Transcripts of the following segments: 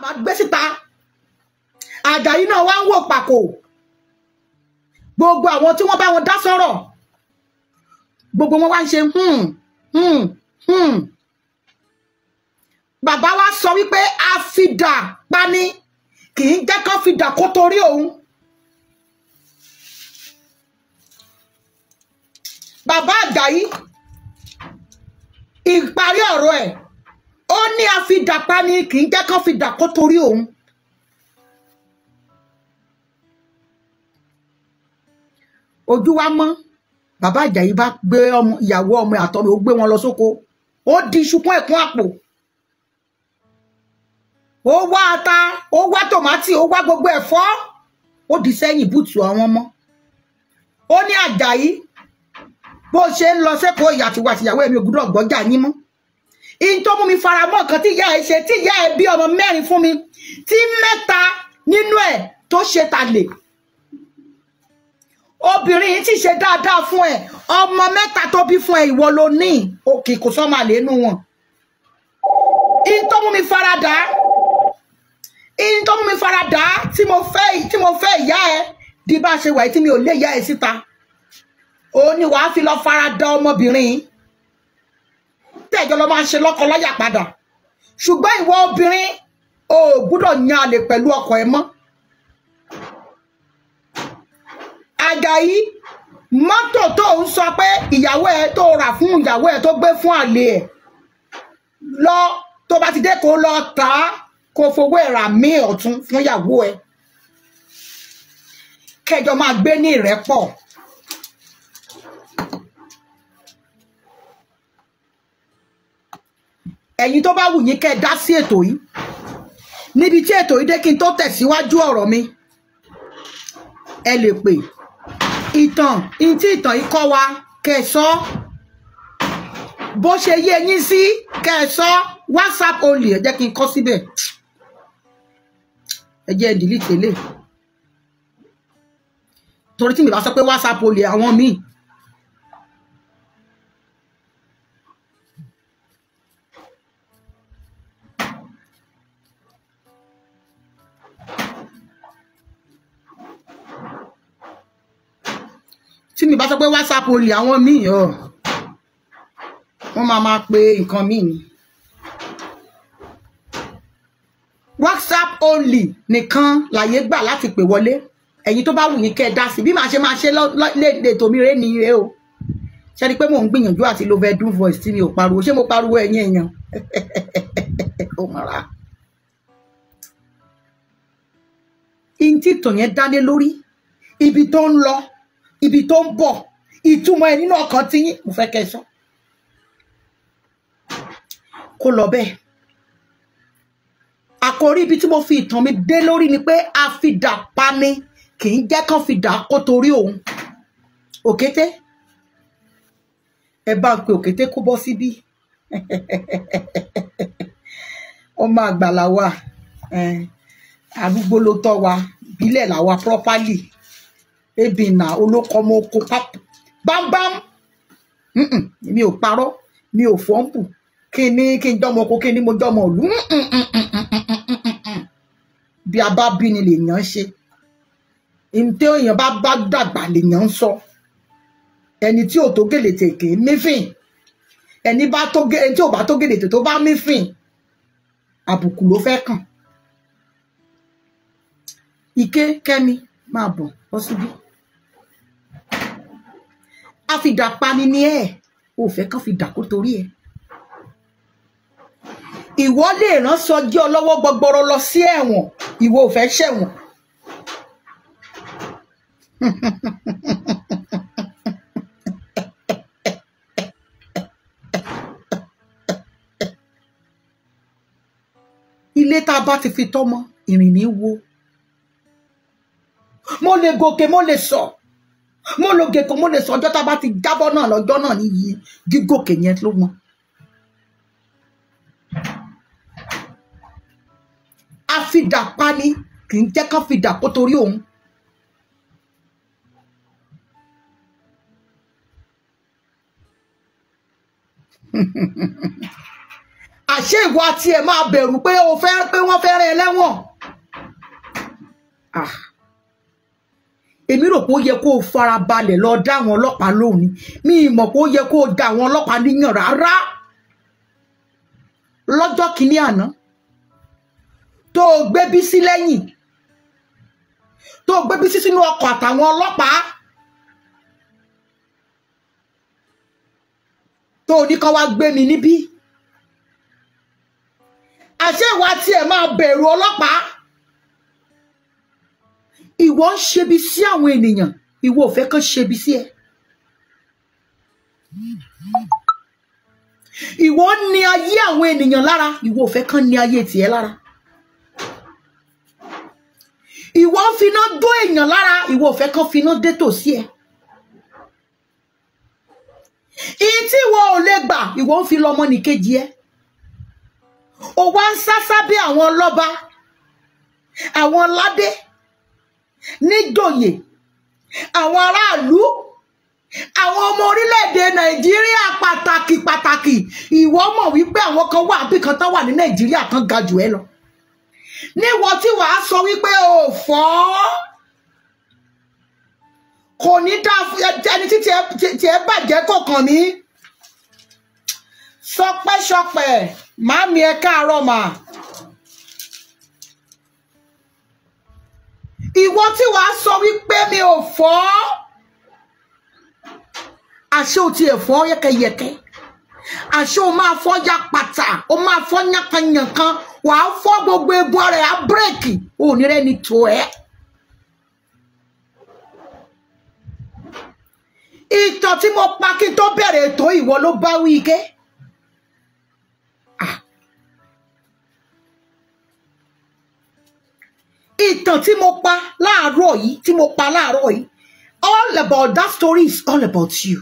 bàbá gbé síta àjàyí náà wá ń wò pàkó gbogbo àwọn tí wọ́n bá wọn dá sọ̀rọ̀ gbogbo wọn wá ń ṣe hmm hmm hmm bàbá wa sọ wípé a fìdà pani kì í jẹ́ kán fìdà kó torí òun bàbá àjàyí ìparí ọ̀rọ̀ ẹ̀ ó ní àfidàpá ni kì í jẹ́ kán fi dàkó torí òun ojú wa mọ́ bàbá Àjàyí bá gbé ọmọ ìyàwó ọmọ àtọmọ ó gbé wọn lọ sóko ó di ṣùkún ẹ̀kún àpò ó wá ata ó wá tòmátì ó wá gbogbo ẹ̀fọ́ ó di sẹ́yìn bùtù àwọn ọmọ ó ní Àjàyí bó ṣe ń lọ sẹ́kọ̀ọ́ ìyàtìwàtìyàwó ẹ̀mí ògùdọ̀ gbọ́jà yín mọ́ in tó mú mi faramọ́ nǹkan tí ìyá ẹ ṣe tí ìyá ẹ bí ọmọ mẹ́rin fún mi tí mẹ́ta nínú ẹ̀ tó ṣe tàlè obìnrin yìí ti ṣe dáadáa fún ẹ ọmọ mẹ́ta tó bí fún ẹ ìwọ ló ní òkè kò sọ́mà lẹ́nu wọn in tó mú mi faradà in tó mú mi faradà tí mo fẹ́ tí mo fẹ́ ìyá ẹ di bá ṣe wà tí mi ò lé ìyá ẹ síta òun ni wàá fi lọ faradà ọmọbìnrin yìí tẹ̀jọ lọ máa ń ṣe lọ́kọ láyà padà ṣùgbọ́n ìwọ obìnrin ò gbúdọ̀ yan àlè pẹ̀lú ọkọ ẹ mọ́ Àjàyí mọ́tò tó ń sọ pé ìyàwó ẹ tó rà fún ìyàwó ẹ tó gbé fún àlè ẹ lọ tó bá ti dé kó lọ tà á kó fowó ẹ rà míì ọ̀tún fún ìyàwó ẹ kẹjọ máa gbé ní ìrẹ́pọ̀. ẹ̀yin tó bá wù yín kẹ́ ẹ dá sí ètò yìí níbi tí ètò yìí dé kí n tó tẹ̀síwájú ọ̀rọ̀ mi ẹ lè pè ìtàn ntí ìtàn yìí kọ́ wa kẹ́ ẹ sọ bó ṣe yé yín sí kẹ́ ẹ sọ whatsapp only ẹ jẹ́ kí n kọ́ síbẹ̀ ẹ jẹ́ delete eléyìí torí tí mi bá sọ pé whatsapp olè àwọn míì tí mi bá sọ pé whatsapp olè àwọn míì ọ wọ́n máa máa pe nǹkan míì ni whatsapp olè nìkan láyé gbà láti pè wọlé ẹ̀yin tó bá wù yín kẹ́ ẹ dá sí bí màá ṣe máa ṣe léde tòmí rẹ nìyí rẹ o ṣe ni pé mò ń gbìyànjú àti lo vedun voice tí mi ò pariwo ṣé mo pariwo ẹ̀yin èèyàn ó mọ̀ra. ìntìtàn yẹn dá lé lórí ibi tó ń lọ ibi tó ń bọ̀ ìtumọ̀ ẹ̀ nínú ọkàn ti yín mo fẹ́ kẹ́ ẹ sọ kó lọ bẹ́ẹ̀ àkórí ibi tí mo fi ìtàn mi dé lórí ni pé àfidà pani kì í jẹ́ kán fìdà kó torí òun òkété ẹ bá pe òkété kó bọ́ síbí ọmọ àgbà làwa àdúgbò ló tọ́ wa bílẹ̀ làwa properly ebi nà olóko ọmọ oko pap bámbám mi ò parọ́ mi ò fọ́ǹpù kí ni kí n jọmọ oko kí ni mo jọmọ òlu bí a bá bí ni lèèyàn ṣe ntẹ́ èèyàn bá bá dàgbà lèèyàn ń sọ ẹni tí ò tó gèlè tèké mífìn ẹni bá tó ẹni tí ò bá tó gèlè tètè tó bá mífìn àbùkù ló fẹ́ kàn ike kẹ́mi máa bọ̀ bọ́ síbí àfìdàpani ni ẹ ò fẹ́ kán fi dàkó torí ẹ ìwọ lè rán sọjí ọlọ́wọ́ gbọgbọrọ lọ sí ẹ̀wọ̀n ìwọ ò fẹ́ ṣẹ̀wọ̀n ilé tá a bá ti fi tọ́mọ ìrìn ní wo mo lè gòkè mo lè sọ. So mo lo gègé mo lè sọjọ́ tá a bá ti jábọ́ náà lọ́jọ́ náà níyì gígòkè yẹn ló mọ́. àfidà pani kì í jẹ́ ká fidà kó torí òun. àṣé ìwọ àti ẹ̀ máa bẹ̀rù pé o fẹ́ pé wọ́n fẹ́ rẹ̀ lẹ́wọ̀n. Ah èmi rò pé ó yẹ kó o farabalẹ̀ lọ dá àwọn ọlọ́pàá lóhùn ni mi mọ̀ pé ó yẹ kó o dá àwọn ọlọ́pàá níyàn rárá lọ́jọ́ kìíní àná tó o gbé Bísí lẹ́yìn tó o gbé Bísí sínú ọkọ̀ àtàwọn ọlọ́pàá tó o ní kán wá gbé mi níbí àṣé ìwà tiẹ̀ máa bẹ̀rù ọlọ́pàá ìwọ ń ṣebi sí àwọn ènìyàn ìwọ ò fẹ́ kán ṣebi sí ẹ ìwọ ń ni ayé àwọn ènìyàn lára ìwọ ò fẹ́ kán ni ayé tiẹ̀ lára ìwọ ń finá dó èèyàn lára ìwọ ò fẹ́ kán finá dé tòsí ẹ ìyí tí ìwọ ò lè gbà ìwọ ń fi lọmọ nìkejì ẹ ò wá ń sá sábẹ́ àwọn ọlọ́ba àwọn ládé níjòyè àwọn aráàlú àwọn ọmọ orílẹ̀-èdè nàìjíríà pàtàkì pàtàkì ìwọ mọ̀ wípé àwọn kan wà bí kan tán wà ní nàìjíríà kan ga jù ẹ lọ níwọ tí wàá sọ wípé o fọ́ kò ní dá ẹni tí tiẹ̀ bàjẹ́ kọ̀ọ̀kan ní sọpẹ́sọpẹ́ màmí ẹ káàárọ̀ mà. ìwọ tí wàá sọ wípé mi ò fọ́ àṣé o tiẹ̀ fọ́ yẹ́kẹ́yẹ́kẹ́ àṣé o máa fọ́ jápàtà o máa fọ́ yánpanyànkan wàá fọ́ gbogbo ebu rẹ̀ á bírèkì ò ní rẹ́ni tó ẹ́. ìtàn tí mo pa kí n tó bẹ̀rẹ̀ ètò ìwọ ló bá wí ike. ìtàn tí mo pa láàárọ̀ yìí tí mo pa láàárọ̀ yìí all about that story is all about you.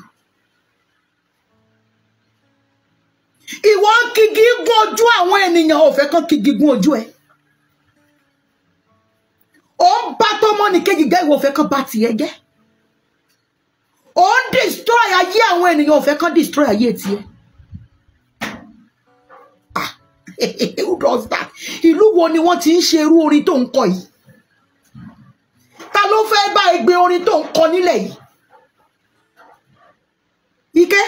ìwọ ń kigi gún ojú àwọn ènìyàn ò fẹ́ kàn kigi gún ojú ẹ ò ń bá tọmọnìkejì jẹ́ ìwọ fẹ́ kàn bá tiẹ̀ jẹ́ ò ń destroy ayé àwọn ènìyàn ò fẹ́ kàn destroy ayé tiẹ̀. who does that ìlú wo ni wọ́n ti ń ṣe irú orin tó ń kọ yìí ta ló fẹ́ bá ẹ orin tó ń kọ nílẹ̀ yìí ike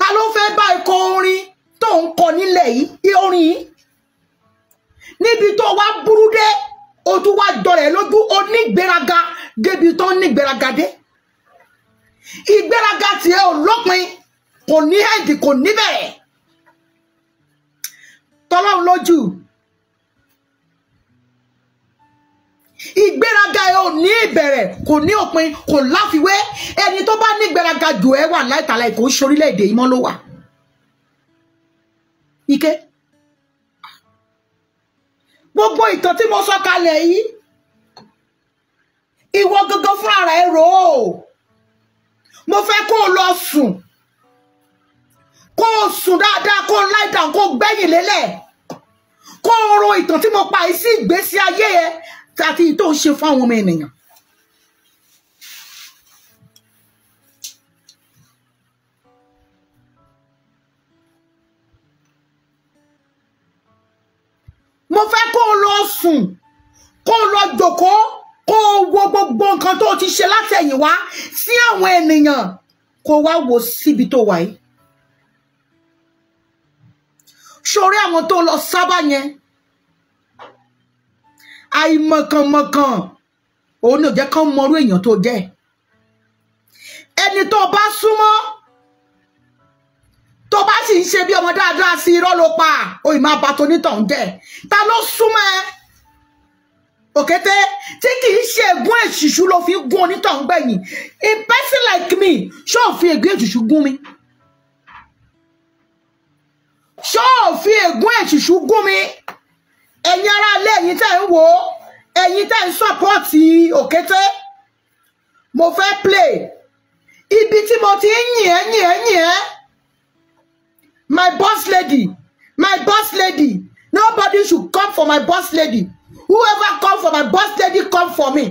ta ló fẹ́ bá ẹ kọ orin tó ń kọ nílẹ̀ yìí orin yìí níbi tó wá burú dé o tún wá jọrẹ̀ lójú onígbéraga débi tó ń nígbéraga dé ìgbéraga tiẹ̀ ò lópin kò ní ẹ̀ǹdì kò ní bẹ̀rẹ̀ tọ́lọ́run lójú ìgbéraga ẹ ò ní ìbẹ̀rẹ̀ kò ní òpin kò láfiwé ẹni tó bá ní ìgbéraga jù ẹ wà láìtàlá ìkó sórílẹ̀-èdè yìí mọ́ ló wà ike gbogbo ìtàn tí mo sọ kalẹ̀ yìí ìwọ gangan fúnra rẹ̀ rò ó mo fẹ́ kó o lọ sùn kó o sùn dáadáa kó o lie down kó o gbẹ́yìn lélẹ̀ kó o ro ìtàn tí mo pa yìí sí ìgbésí ayé ẹ àti ìtò ń ṣe fún àwọn ọmọ ènìyàn. mo fẹ́ kó o lọ sùn kó o lọ jókòó kó o wo gbogbo nǹkan tó o ti ṣe látẹ̀yìnwá sí àwọn ènìyàn kó o wá wò síbi tó wà yìí ṣorí àwọn tó lọ sábà yẹn àìmọ̀kànmọ̀kàn òun ni ò jẹ́ kán mọrú èèyàn tó jẹ́ ẹni tó bá súnmọ́ tó bá sì ń ṣe bí ọmọ dáadáa sí irọ́ ló pa òyìn máa bá tonítàn jẹ́ ta ló súnmọ́ ẹ òkété tí kì í ṣe ègún èṣìṣú ló fi gún onítàn gbẹ̀yìn in person like me ṣó fi ègún èṣìṣú gún mi ṣọ́ọ̀fin ègún èṣùṣù gún mi ẹ̀yin ará ilé ẹ̀yin tẹ́ ń wò ó ẹ̀yin tẹ́ ń sọ́pọ́ọ̀tì òkété mo fẹ́ play ibi tí mo ti ń yìn ẹ́ yìn ẹ́ yìn ẹ́ my boss lady my boss lady nobody should come for my boss lady whoever come for my boss lady come for me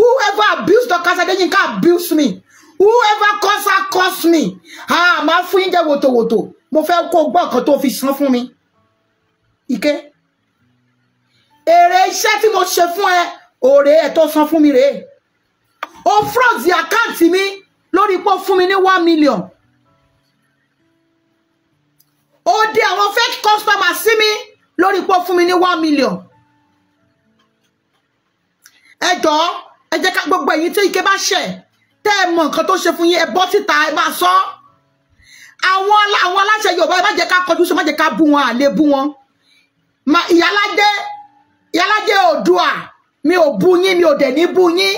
whoever abuse Dr. Adeyinka abuse me whoever cause her cause me ah máa fún yín jẹ́ wòtòwòtò mo fẹ́ kó gbọ́ kan tó fi san fún mi ike èrè iṣẹ́ tí mo ṣe fún ẹ òòrè ẹ̀ tó san fún mi rèé o fraud àkáǹtì mi lórí pé fún mi ní one million ó dé àwọn fake customer sí mi lórí pé ó fún mi ní one million ẹ jọ̀ọ́ ẹ jẹ́ ká gbogbo ẹ̀yin tí ike bá ṣẹ̀ tẹ́ ẹ mọ nǹkan tó ṣe fún yín ẹ bọ́ síta ẹ máa sọ ọ́ àwọn àwọn aláṣẹ Yorùbá ẹ má jẹ́ ká kọjú sí má jẹ́ ká bú wọn àlè bú wọn ìyálàjẹ ìyálàjẹ Oòduà mi ò bú yín mi ò dẹ̀ ní bú yín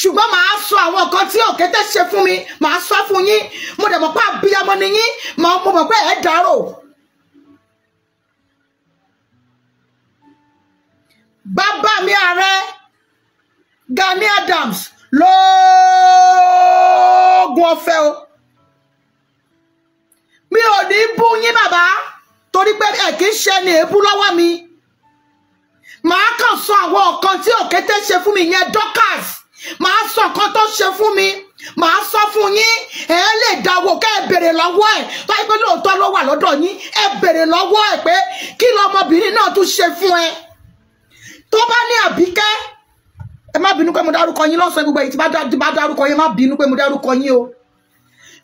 ṣùgbọ́n màá sọ àwọn nǹkan tí òkété ṣe fún mi màá sọ fún yín mo dẹ̀ mọ̀ pé àbíyamọ ni yín mo mọ̀ pé ẹ̀ dárò. bàbá mi ààrẹ Gani Adams lóògùn ọ̀fẹ́ o mi ò ní bú yín bàbá torí pé ẹ kì í ṣe ni èébú lọ́wọ́ mi màá kàn sọ àwọn ọ̀kan tí òkété ṣe fún mi yẹn Dorcas màá sọ ọ̀kan tó ṣe fún mi màá sọ fún yín ẹ lè dáwọ́ kẹ́ ẹ béèrè lọ́wọ́ ẹ̀ tọ́jú pé lóòótọ́ ló wà lọ́dọ̀ yín ẹ béèrè lọ́wọ́ ẹ̀ pé kí lọmọbìnrin náà tún ṣe fún ẹ tó bá ní àbíkẹ́ ẹ má bínú pé mo dárúkọ yín lọ́sàn gbogbo èyí tí bá dárúkọ yín má bínú pé mo dárúkọ yín o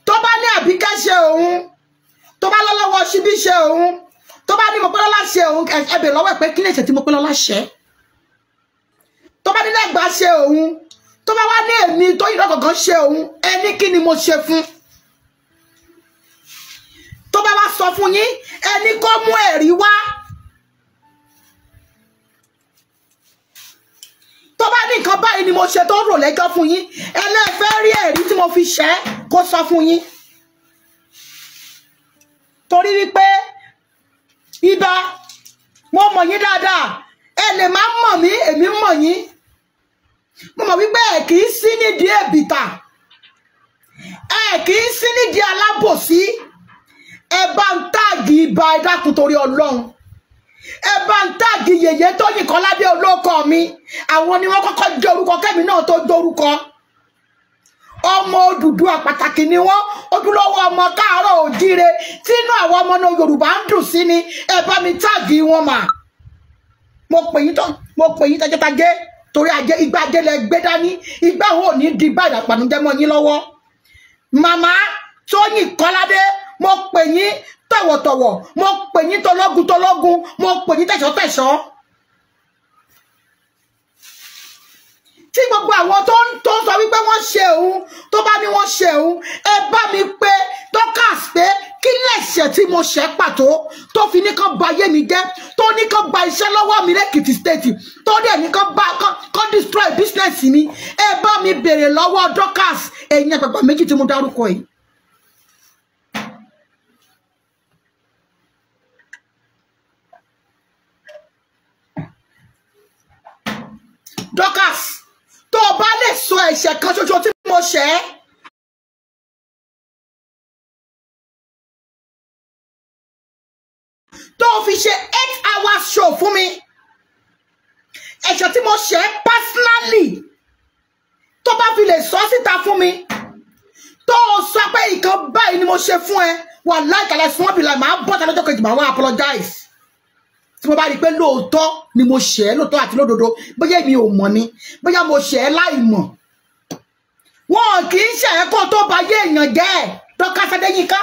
tó bá ní àbíkẹ́ ṣe òun tó bá lọ́lọ́wọ́ ṣíbí ṣe òun tó bá ní mo pé lọ́lá ṣe òun ẹbẹ̀ lọ́wọ́ ẹ̀ pé kí ni ẹ̀ṣẹ̀ tí mo pé lọ́lá ṣe tó bá ní lẹ́gbàá ṣe òun tó bá wá ní èmi tó yìí lọ́gọ̀gán ṣe òun ẹni kí ni mo ṣe fún tó bá wá sọ fún yín ẹni kó mú ẹ̀rí wá tó bá ní nǹkan báyìí ni mo ṣe tó rò lẹ́jọ́ fún yín ẹlẹ́fẹ́ rí ẹ̀rí tí mo fi ṣẹ́ kó sọ fún yín torí wípé ibà mo mọ̀ yín dáadáa ẹ lè má mọ̀ mí èmi mọ̀ yín mo mọ̀ wípé ẹ kì í sí nídìí èbìtà ẹ kì í sí nídìí alábòsí ẹ bá ń táàgì ibà ẹ dákun torí ọlọ́run ẹ bá ń táàgì yèyé tó yìnkan lábẹ́ olóko mi àwọn ni wọ́n kọ́kọ́ jẹ́ orúkọ kẹ́mi náà tó jẹ́ orúkọ ọmọ Odùduwà pàtàkì ni wọ́n ojúlówó ọmọ káàárọ̀ òjíire tínú àwọn ọmọ náà Yorùbá ń dùn sí ni ẹ bá mi táàgì wọn mà mo pè yín tó mo pè yín tajẹtajẹ torí ajé igbá ajé lẹ gbé dání igbá wo ní di bàdà pàdújẹ mọ́ yín lọ́wọ́ màmá Tóyìn Kọ́ládé mo pè yín tọ̀wọ̀tọ̀wọ̀ mo pè yín tọlọ́gun tọlọ́gun mo pè yín tẹ̀sọ́tẹ̀sọ́. tí gbogbo àwọn tó ń tó ń sọ wípé wọ́n ṣe òun tó bá ní wọ́n ṣe òun ẹ bá mi pé Dorkas pé kí lẹ̀ṣẹ̀ tí mo ṣẹ̀ pàtó tó fi ní kán ba ayé mi jẹ́ tó ní kán gba iṣẹ́ lọ́wọ́ mi lẹ́kìtì stéètì tó dẹ̀ ní kán ba kán destroy business mi ẹ bá mi béèrè lọ́wọ́ Dorkas ẹ̀yin àgbàgbà méjì tí mo dárúkọ yìí. Dorkas o bá lè sọ ẹ̀ṣẹ̀ kan ṣoṣo tí mo ṣẹ̀ tó fi ṣe eight hours show fún mi ẹ̀ṣẹ̀ tí mo ṣẹ̀ personally tó bá fi lè sọ síta fún mi tó o sọ pé nǹkan báyìí ni mo ṣe fún ẹ wà láìka lẹ́sùn wọn bí láì bọ́ta lọ́jọ́ kejì máa wá apologize tí mo bá rí i pé lóòótọ́ ni mo ṣẹ̀ ẹ́ lóòótọ́ àti lódodo bóyá èmi ò mọ̀ ni bóyá mo ṣẹ̀ ẹ́ láì mọ̀ wọn kì í ṣẹ̀ ẹ́ kó tó bá yé èèyàn jẹ́ ẹ̀ dọ́kà Adéyínká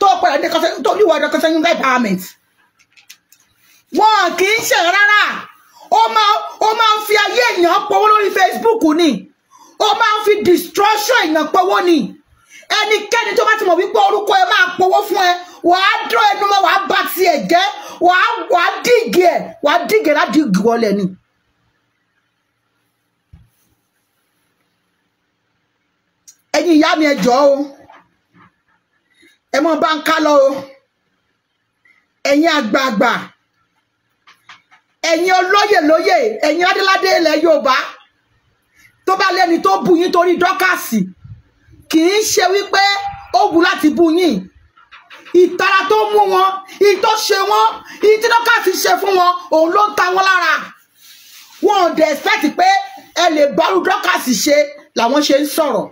tó pẹ̀lú ẹ̀dẹ́kọ̀sẹ́ tó yíwọ ẹ̀dẹ́kọ̀sẹ́ yín empowerment wọn kì í ṣẹ̀ rárá ó máa ó máa ń fi ayé èèyàn pọ̀wó lórí Facebook ni ó máa ń fi destruction èèyàn pọ̀wó ni ẹnikẹ́ni tó bá ti mọ̀ wípé orúkọ ẹ máa pọ̀wó fún ẹ wàá dán ẹnu mọ́ wàá bá tiẹ̀ jẹ́ wàá wàá dìgì ẹ̀ wàá dìgì láti wọlé ni. ẹ̀yin ìyá mi ẹ jọ̀ọ́ o ẹ mọ bá ń ká lọ o ẹ̀yin àgbààgbà ẹ̀yin olóyè lóyè ẹ̀yin adéládé ilẹ̀ Yorùbá tó bá lẹ́ni tó bú yín torí dọ́kàsì kì í ṣe wípé ó wù láti bú yín ìtara tó mú wọn ìtọ́ ṣe wọn ìtínọ́ká fi ṣe fún wọn òun ló ń ta wọn lára wọn ò dẹ̀ expect pé ẹ lè bárú dọ́kàsì ṣe làwọn ṣe ń sọ̀rọ̀.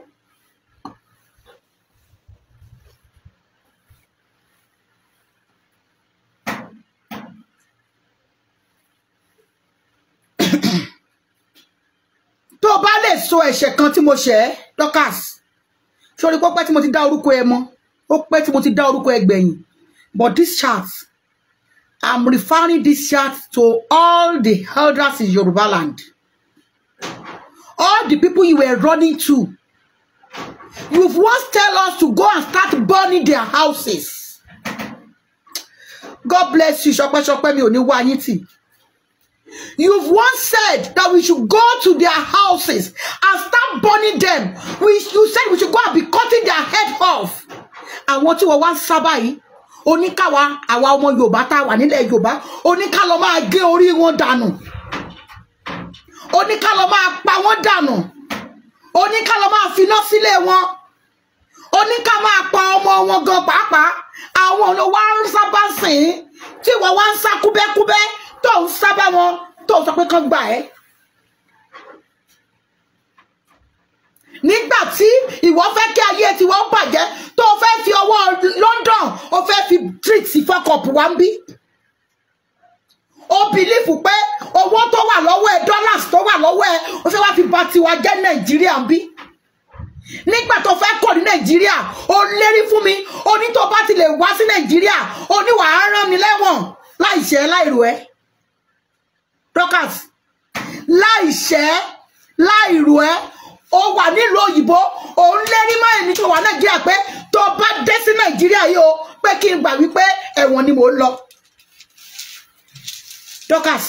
tó o bá lè sọ ẹ̀ṣẹ̀ kan tí mo ṣẹ̀ ẹ́ dọ́kàsì sórí pọ́pẹ́ tí mo ti dá orúkọ ẹ mọ́ ó pẹ́ tí mo ti dá orúkọ ẹgbẹ̀yìn but this chart i'm referring this chart to all the elders in Yoruba land all the people you were running to you've once tell us to go and start burning their houses god bless you ṣọpẹ́ṣọpẹ́ mi ò ní wá yín tì. You've once said that we should go to their houses and start burning them. We, you said we should go and be cutting their head off àwọn tí wọ́n wá ń sábà yìí oníkàwá àwa ọmọ yorùbá tá a wà nílẹ̀ yorùbá oníkàlọ́ máa gé orí wọn dànù oníkàlọ́ máa pa wọn dànù oníkàlọ́ máa finá sílé wọn oníkà máa pa ọmọ wọn gan pàápàá àwọn ọ̀nà wa ń sábà sìn tí wọ́n wá ń sá kúbẹ́kúbẹ́ tó ń sábà wọn tó sọ pé kán gbà ẹ́ nígbà tí ìwọ fẹ́ kí ayé tiwọn bàjẹ́ tó o fẹ́ fi ọwọ́ London o fẹ́ fi treat ìfọkọ̀pù wa ń bí o bìlífù pé owó tó wà lọ́wọ́ ẹ dollars tó wà lọ́wọ́ ẹ o fẹ́ wá fi bà tiwa jẹ́ Nàìjíríà ń bí nígbà tó fẹ́ kọ̀ ní nàìjíríà ó lérí fún mi ó ní tó bá ti lè wá sí nàìjíríà ó ní wàá rán mi lẹ́wọ̀n láìṣẹ̀ láìrò ẹ́ Dorkas láìṣẹ̀ láìrò ẹ́ ó wà nílùú òyìnbó òun lérí mọ́ èmi tó wà nàìjíríà pé tó bá dé sí nàìjíríà yìí o pé kí n gbà wípé ẹ̀wọ̀n ni mò ń lọ Dorcas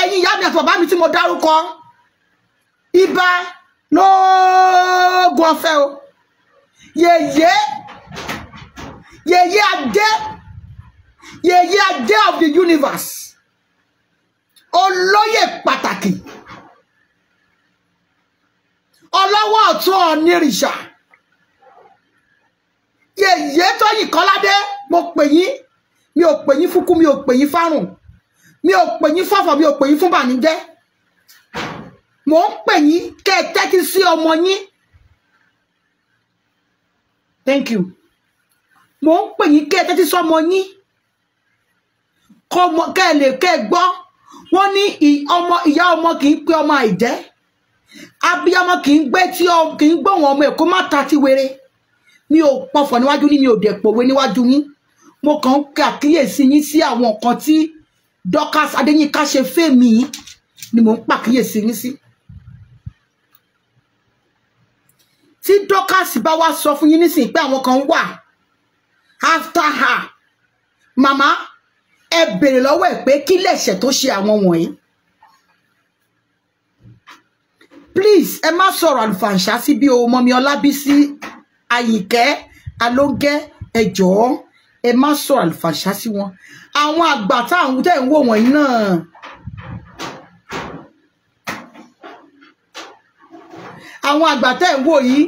ẹ̀yin ìyá mi àti bàbá mi tí mo dárúkọ ibà lóògùn ọ̀fẹ́ o yèyé yèyé adé yèyé adé of the universe olóyè pàtàkì ọlọ́wọ́ ọ̀tún ọ̀nìrìṣà yèyé tóyìn kọ́ládé mo pè yín mi ò pè yín fúkú mi ò pè yín fárùn mi ò pè yín fàfà mi ò pè yín fún bànújẹ́ mo ń pè yín kẹ́ ẹ tẹ́tí sí ọmọ yín thank you mo ń pè yín kẹ́ ẹ tẹ́tí sí ọmọ yín kẹ́ ẹ lè kẹ́ ẹ gbọ́ wọ́n ní ìyá ọmọ kì í pé ọmọ àìjẹ́ abiyamọ kì í gbé tí kì í gbóhùn ọmọ ẹ̀ má ta ti wéré mi ò pọfọ̀ níwájú ní mi ò dẹ̀ pòwe níwájú yín mo kàn ń kà yín sí àwọn nǹkan tí Dorkas Adéyínká ṣe fèmí ni mo ń pàkíyèsí yín sí. tí Dorkas bá wá sọ fún yín nísìnyí pé àwọn kan wà after her mama ẹ bèrè lọ́wọ́ ẹ̀ pé kí lẹ̀ṣẹ̀ tó ṣe àwọn wọ̀nyí please ẹ má sọ̀rọ̀ àlùfàǹṣá sí bí o mọ́mi ọlábísí àyìnkẹ́ alóńgẹ́ ẹ jọ̀ọ́ ẹ má sọ̀rọ̀ àlùfàǹṣá sí wọn àwọn àgbà tá à ń tẹ̀ ń wò wọ̀nyí náà àwọn àgbà tẹ̀ ń wò yìí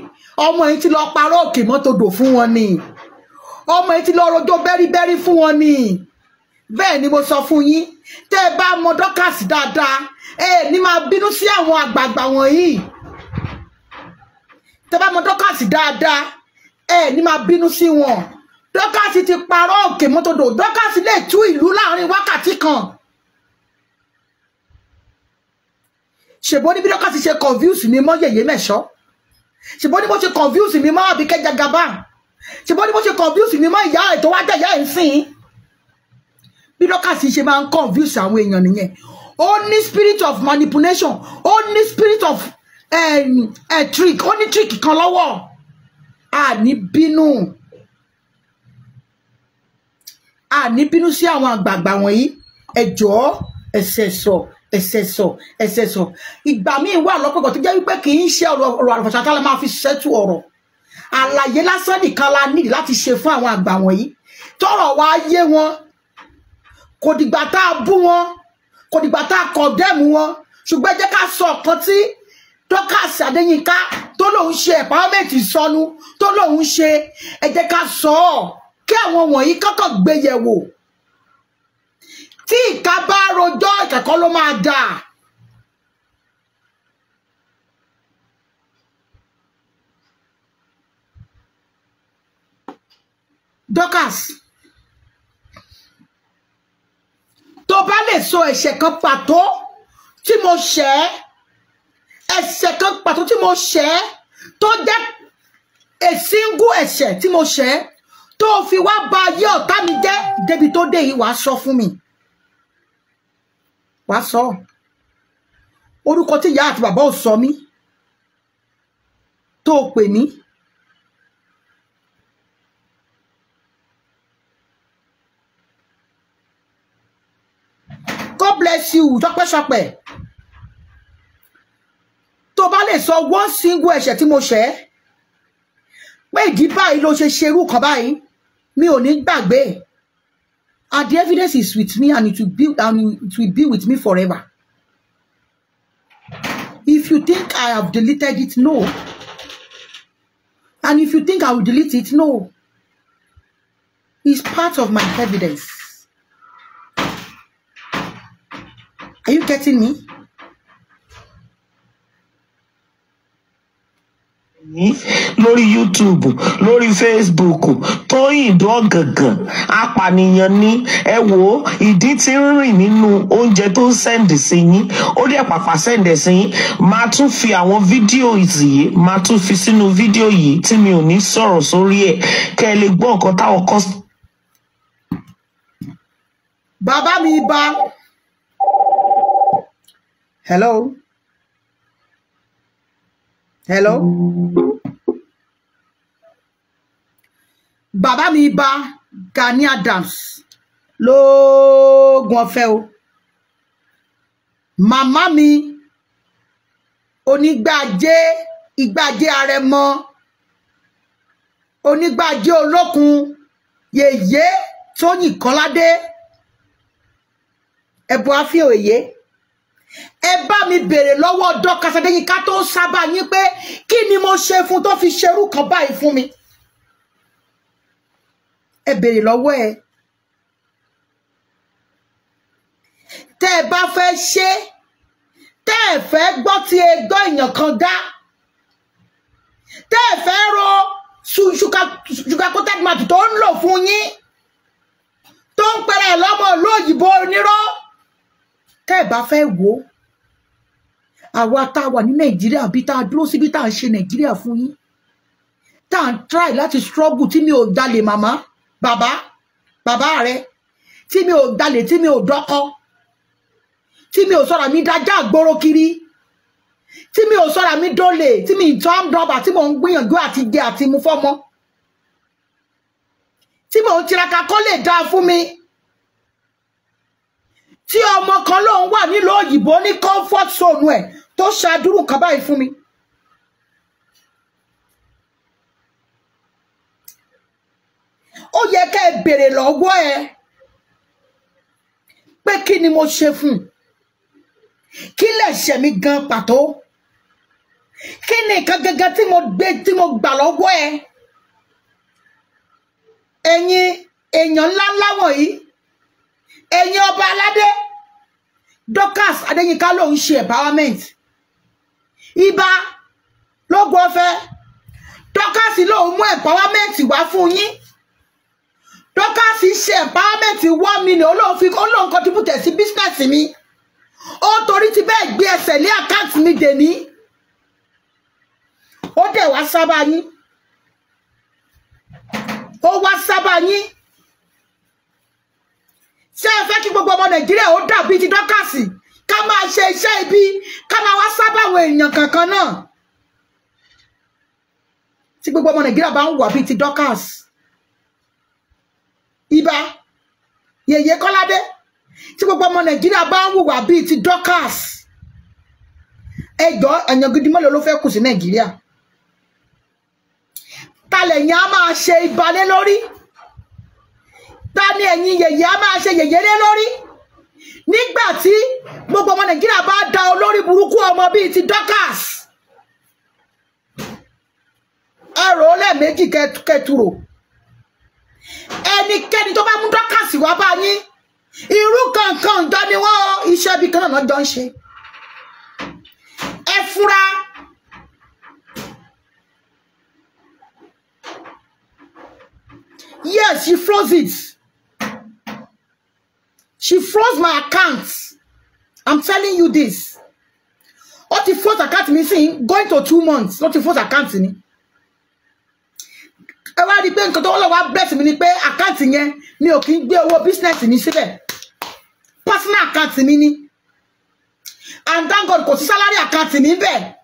ọmọ yìí ti lọ parọ́ òkè mọ́tòdò fún wọn ni ọmọ yìí ti lọ rojọ́ bẹ́rìbẹ́rì fún wọn ni bẹ́ẹ̀ ni mo sọ fún yín tẹ́ ẹ bá mọ Dorcas dáadáa ẹ ní máa bínú sí àwọn àgbààgbà wọ̀nyí tẹ́ bá mọ Dorcas dáadáa ẹ ní máa bínú sí wọn Dorcas ti parọ́ òkè mọ́tòdò Dorcas lè tú ìlú láàrin wákàtí kan. ṣèbó ní bí Dorcas ṣe confuse mi mọ́ yèyé mẹ́ṣọ́ ṣèbó ní bó ṣe confuse mi mọ́ àbíkẹ́ jagaba ṣèbó ní bó ṣe confuse mi mọ́ ìyá ètò wájà ìyá ẹ̀ ń sìn bí dọ́kàsì ṣe máa ń confuse àwọn èèyàn nìyẹn ó ní spirit of manipulation ó ní spirit of um, trick ó ní trick kan lọ́wọ́ àní bínú àní bínú sí àwọn àgbààgbà wọ̀nyí ẹ jọ̀ọ́ ẹsẹ̀ sọ ẹsẹ̀ sọ ẹsẹ̀ sọ ìgbà míì wà lọ́pọ̀gbọ̀ tó jẹ́ wípé kì í ṣe ọ̀rọ̀ ọ̀rọ̀ àrùfàṣà tá a máa fi ṣẹ́tù ọ̀rọ̀ àlàyé lásán nìkan la nídìí láti ṣe fún àwọn àgbà wọ̀nyí tọ́rọ̀ wa yé wọn kò dìgbà tá a bú wọn kò dìgbà tá a kọ̀dẹ́mù wọn ṣùgbọ́n jẹ́ ká sọ ọ̀kan tí Dorcas Adéyínká tó lòun ṣe empowerment sọnù tó lòun ṣe ẹ jẹ́ ká sọ ọ́ kí àwọn wọ̀nyí kọ́kọ́ gbé yẹ̀wò tí ìka bá rojọ́ ìkẹ́kọ̀ọ́ ló máa dà. Dorcas. tó bá lè sọ ẹ̀ṣẹ̀ kan pàtó tí mo ṣẹ̀ ẹ̀ṣẹ̀ kan pàtó tí mo ṣẹ̀ tó jẹ́ a single ẹ̀ṣẹ̀ tí mo ṣẹ̀ tó fi wá ba ayé ọ̀tá mi jẹ́ débi tó dé yìí wàá sọ fún mi wàá sọ orúkọ tí ìyá àti bàbá ò sọ mí tó o pè mí. God bless you ṣọpẹ́ṣọpẹ́ tó bá lè sọ one single ẹ̀ṣẹ̀ tí mo ṣẹ̀ pé ìdí báyìí ló ṣe ṣerú kan báyìí mi ò ní gbàgbé and the evidence is with me and it will be and it will be with me forever if you think I have deleted it no and if you think I will delete it no it's part of my evidence. Are you getting me? lórí youtube lórí facebook tóyìn dọ́gàngàn apànìyàn ni ẹ wo ìdí tí ń rìn nínú oúnjẹ tó ń sẹ́ǹdì sí yín ó dẹ̀ pàpà sẹ́ǹdì sí yín máa tún fi àwọn fídíò yìí máa tún fi sínú fídíò yìí tí mi ò ní sọ̀rọ̀ sórí ẹ̀ kẹ́ ẹ lè gbọ́ nǹkan táwọn kọ́. bàbá mi bá Hello? Hello? Baba mi ba Gani Adams Lo ọ̀fẹ́ o. Mama mi onígbàjé ìgbàjé arẹmọ onígbàjé olókun yèyé Tóyìn Kọ́ládé ẹ̀bùn àfihàn èyé. E ẹ bá mi béèrè lọ́wọ́ Dorcas Adéyínká tó ń sábà yín pé kí ni mo ṣe fún tó fi ṣerú kan báyìí fún mi ẹ béèrè lọ́wọ́ ẹ tẹ́ ẹ bá fẹ́ ṣe tẹ́ ẹ fẹ́ gbọ́ ti ẹgbọ́ èèyàn kan dá tẹ́ ẹ fẹ́ ro ṣùkàkútàgbàtù tó ń lò fún yín tó ń pẹrẹ lọ́mọ olóyìnbó onírọ́ tẹ́ ẹ̀ bá fẹ́ wò ó àwa tá a wà ní nàìjíríà bí tá a dúró síbi tá a ṣe nàìjíríà fún yín tá a try láti struggle tí mi ò jalè màmá bàbá bàbá rẹ tí mi ò jalè tí mi ò dọ́kọ tí mi ò sọ̀rọ̀ mi dájá àgbóró kiri tí mi ò sọ̀rọ̀ mi dólè tí mi ìtọ́ ń dọ́bà tí mò ń gbìyànjú àti jẹ àti mu fọ́mọ tí mò ń tiraka kó lè dáa fún mi tí ọmọ kan lòun wà nílò òyìnbó ní comfort zone ẹ̀ tó ṣàdúrù kan báyìí fún mi. ó yẹ ká ẹ béèrè lọ́wọ́ ẹ pé kí ni mo ṣe fún un kí lẹ̀ṣẹ̀ mi gan pàtó kí ni nǹkan gangan tí mo gbé tí mo gbà lọ́wọ́ ẹ ẹ̀yin èèyàn ńláńlá wọ̀nyí ẹ̀yin ọba aládé Dorcas Adéyínká lòun ṣe empowerment ibà lógo ọfẹ Dorcas lòun mú empowerment wá fún yín Dorcas ṣe empowerment one million olóhùn fi olóhùn contribute sí business mi ó torí ti bẹ́ẹ̀ gbé ẹsẹ̀ lé account mi dèní ó dẹ̀ wá sábà yín ó wá sábà yín ṣé ẹ fẹ́ kí gbogbo ọmọ nàìjíríà ó dàbí ti dọ́kàsì ká máa ṣe iṣẹ́ ibi ká máa wá sábàwọn èèyàn kankan náà tí gbogbo ọmọ nàìjíríà bá ń wà bíi ti dọ́kàsì ibà yèyé kọ́ládé tí gbogbo ọmọ nàìjíríà bá ń wùwà bíi ti dọ́kàs ẹjọ́ ẹ̀yàn gidi mélòó ló fẹ́ kù sí nàìjíríà talẹ̀ yẹn á máa ṣe ìbalẹ̀ lórí ta ni ẹ̀yin yẹ̀yẹ́ a máa ṣe yẹ̀yẹ́ lé lórí nígbà tí gbogbo ọmọ nàìjíríà bá da olórí burúkú ọmọ bíi ti Dorkas ẹrọ lẹ́ẹ̀mejì kẹtùrò ẹnikẹ́ni tó bá mú Dorkas wá bá yín irú kankan ìjọ ni wọ́n iṣẹ́ bíi kan náà jọ ń ṣe ẹ fura. Yes, she froze it she froze my account i'm telling you this What if froze account missing, going to two months ló if froze account mi ẹ wá rí i pé nǹkan tó wọ́n lọ wá bless account yẹn mi ò kí ń business mi síbẹ̀ personal account mi ni and thank God kò salary account mi bẹ́ẹ̀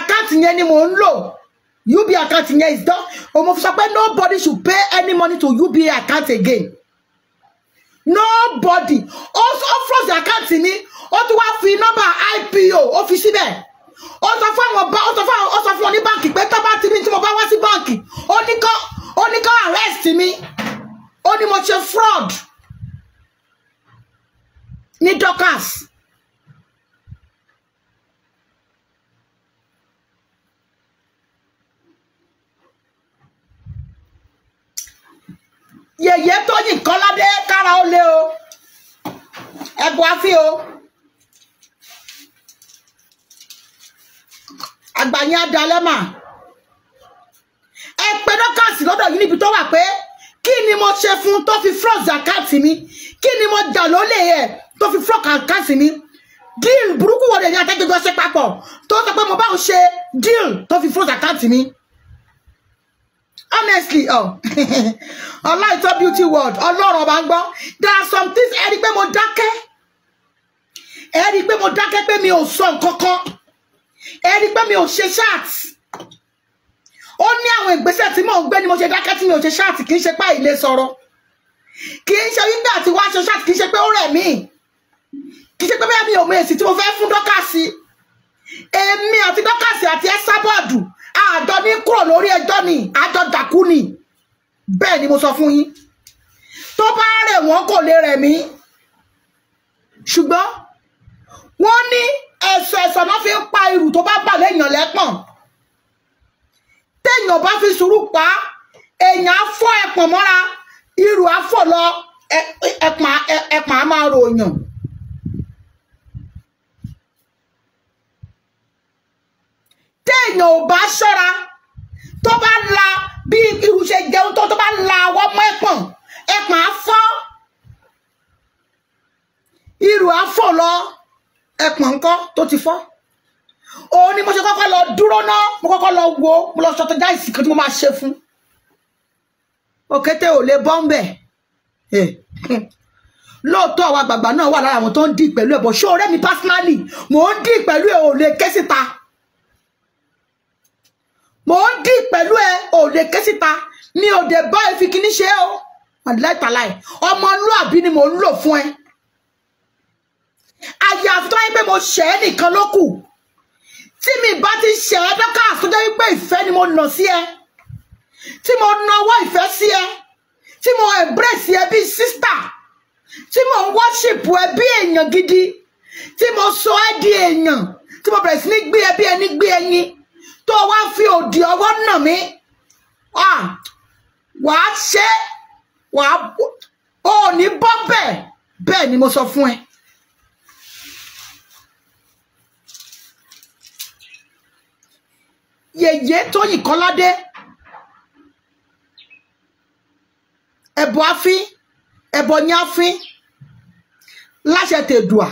account yẹn ni mò ń lò UBA account yẹn is done òun nobody should pay any money to UBA account again nobody ó froze àkáǹtì mi ó tún wá fi nọ́mbà IPO ó fi síbẹ̀ ó sọ fún àwọn ó sọ fún àwọn ó sọ fún oní báǹkì pé tọ́ bá ti rí tí mo bá wá sí báǹkì ó ní kọ́ ó ní kọ́ arrest mi ó ní mo ṣe fraud ní Dorkas. yèyé Tóyìn Kọ́ládé kára ó lé o ẹ̀bùn àfi o àgbàyìn adalẹ́mà ẹ pé dọ́kàsì lọ́dọ̀ yìí níbi tó wà pé kí ni mo ṣe fún tó fi froze àkáǹtì mi kí ni mo dà lólè ẹ tó fi froze àkáǹtì mi díìl burúkú wọlé ní atẹ́gbẹ́gbẹ́ ṣe papọ̀ tó sọ pé mo bá ń ṣe díìl tó fi froze àkáǹtì mi honestly ọ ọlá ìtọ́ beauty world ọlọ́run ọba ń gbọ́ there are some things ẹ rí i pé mo dákẹ́ ẹ rí i pé mo dákẹ́ pé mi ò sọ nǹkan kan ẹ rí i pé mi ò ṣe ṣáàt ó ní àwọn ìgbésẹ̀ tí mò ń gbé ni mo ṣe dákẹ́ tí mi ò ṣe ṣáàt kì í ṣe pa ilé sọ̀rọ̀ kì í ṣe wípé àti wá ṣe ṣáàt kì í ṣe pé ó rẹ̀ mí kì í ṣe pé bẹ́ẹ̀ mi ò mọ èsì tí mo fẹ́ fún dọ́kàsì èmi àti dọ́kàsì àti ẹ́ sábọ̀dù àjọ ní kúrò lórí ẹjọ́ ni àjọ dàkú ni bẹ́ẹ̀ ni mo sọ fún yín tó bá rẹ̀ wọ́n kò lè rẹ̀ mí ṣùgbọ́n wọ́n ní ẹ̀sọ̀ ẹ̀sọ̀ náà fi ń pa irù tó bá bà léèyàn lẹ́pọ̀n téèyàn bá fi sùúrù pa èèyàn á fọ́ ẹ̀pọ̀n mọ́ra irù á fọ́ lọ ẹ̀pọ̀n á máa ròyàn. téèyàn ò bá ṣọ́ra tó bá la bí irú ṣe jẹun tó tó bá la ọwọ́ mọ́ ẹ̀pọ̀n ẹ̀pọ̀n á fọ́ irú á fọ́ lọ ẹ̀pọ̀n ńkọ́ tó ti fọ́ òun ni mo ṣe kọ́kọ́ lọ dúró náà mo kọ́kọ́ lọ wo mo lọ ṣọtọ jáìsì kan tí mo máa ṣe fún òkété ò lè bọ́m̀bẹ̀ eh. lóòótọ́ àwọn àgbààgbà náà wà lára àwọn tó ń dì pẹ̀lú ẹ̀ bọ̀ ṣé ọ̀rẹ́ mi mò ń dì pẹ̀lú ẹ̀ ò lè ké síta mò ń dì pẹ̀lú ẹ òde ké síta mi ò dé bá ìfi kíní ṣe o àdìláìtàláì ọmọlúàbí ni mò ń lò fún ẹ àyàfi tó wáyé pé mo ṣẹ̀ ẹ́ nìkan ló kù tí mi bá ti ṣẹ̀ ẹ́ dọ́kà àtúndé wípé ìfẹ́ ni mo nà sí ẹ tí mo nawọ́ ìfẹ́ sí ẹ tí mo embrace ẹ bíi sísítà tí mo ń worship ẹ bí èèyàn gidi tí mo sọ ẹ di èèyàn tí mo bẹ̀rẹ̀ sí ní gbé ẹ bí ẹni gbé ẹyin tó wá fi òdì ọwọ́ nà mí wàá ṣe wàá ò ní bọ́ bẹ́ẹ̀ bẹ́ẹ̀ ni mo sọ fún ẹ. yèyé tóyìn kọ́ládé ẹ̀bọ̀ afín ẹ̀bọ̀ ní afín láṣẹ tèdùà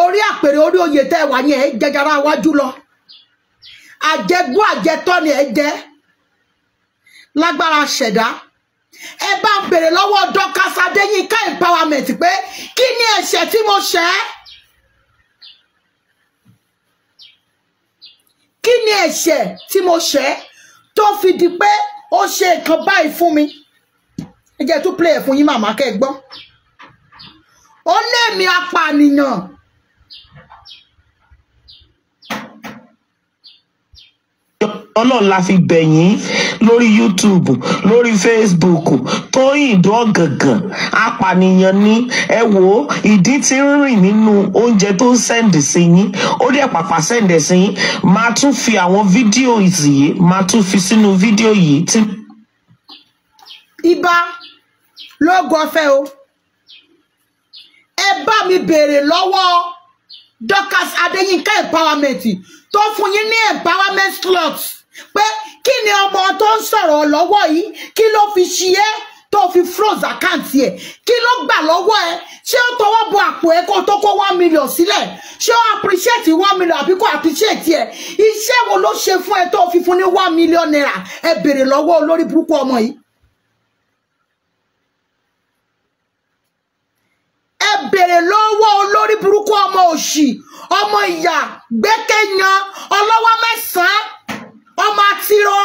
orí àpèrè orí oyè tẹ́ wà yẹn jẹjẹrẹ iwájú lọ àjẹgún àjẹtọ́ ni ẹ jẹ́ lágbára ṣẹ̀dá ẹ bá ń bèrè lọ́wọ́ Dorcas Adéyínká empowerment pé kí ni ẹ̀ṣẹ̀ tí mo ṣẹ̀ kí ni ẹ̀ṣẹ̀ tí mo ṣẹ̀ tó fi di pé ó ṣe nǹkan báyìí fún mi ẹ jẹ́ tún play ẹ̀ fún yín màmá kẹ́ ẹ gbọ́ ó lé mi apànìyàn. ọlọ́run la fi bẹ̀ lórí youtube lórí facebook tóyìn dọ́gàngàn apànìyàn ní ẹ wo ìdí tí ń rìn nínú oúnjẹ tó ń sẹ́ǹdì sí yín ó dẹ̀ pàpà sẹ́ǹdì sí yín máa tún fi àwọn fídíò yìí máa tún fi sínú fídíò yìí tí. ibà ló gọfẹ́ o ẹ bá mi béèrè lọ́wọ́ Dorkas Adéyínká empowerment tó fún yín ní empowerment slots pé kí ni ọmọ tó ń sọ̀rọ̀ lọ́wọ́ yìí kí ló fi ṣí ẹ́ tó fi froze àkáǹtì ẹ̀ kí ló gbà lọ́wọ́ ẹ ṣé ó tọwọ́ bọ àpò ẹ kó tó kó one million sílẹ̀ ṣé ó appreciate one million àbí kò appreciate ẹ iṣẹ́ wo ló ṣe fún ẹ tó fi fún ní one million naira ẹ béèrè lọ́wọ́ olórí burúkú ọmọ yìí. ẹ béèrè lọ́wọ́ olórí burúkú ọmọ òṣì ọmọ ìyà gbẹ́kẹ̀yàn ọlọ́wọ́ mẹ́sàn-án. ọmọ atiro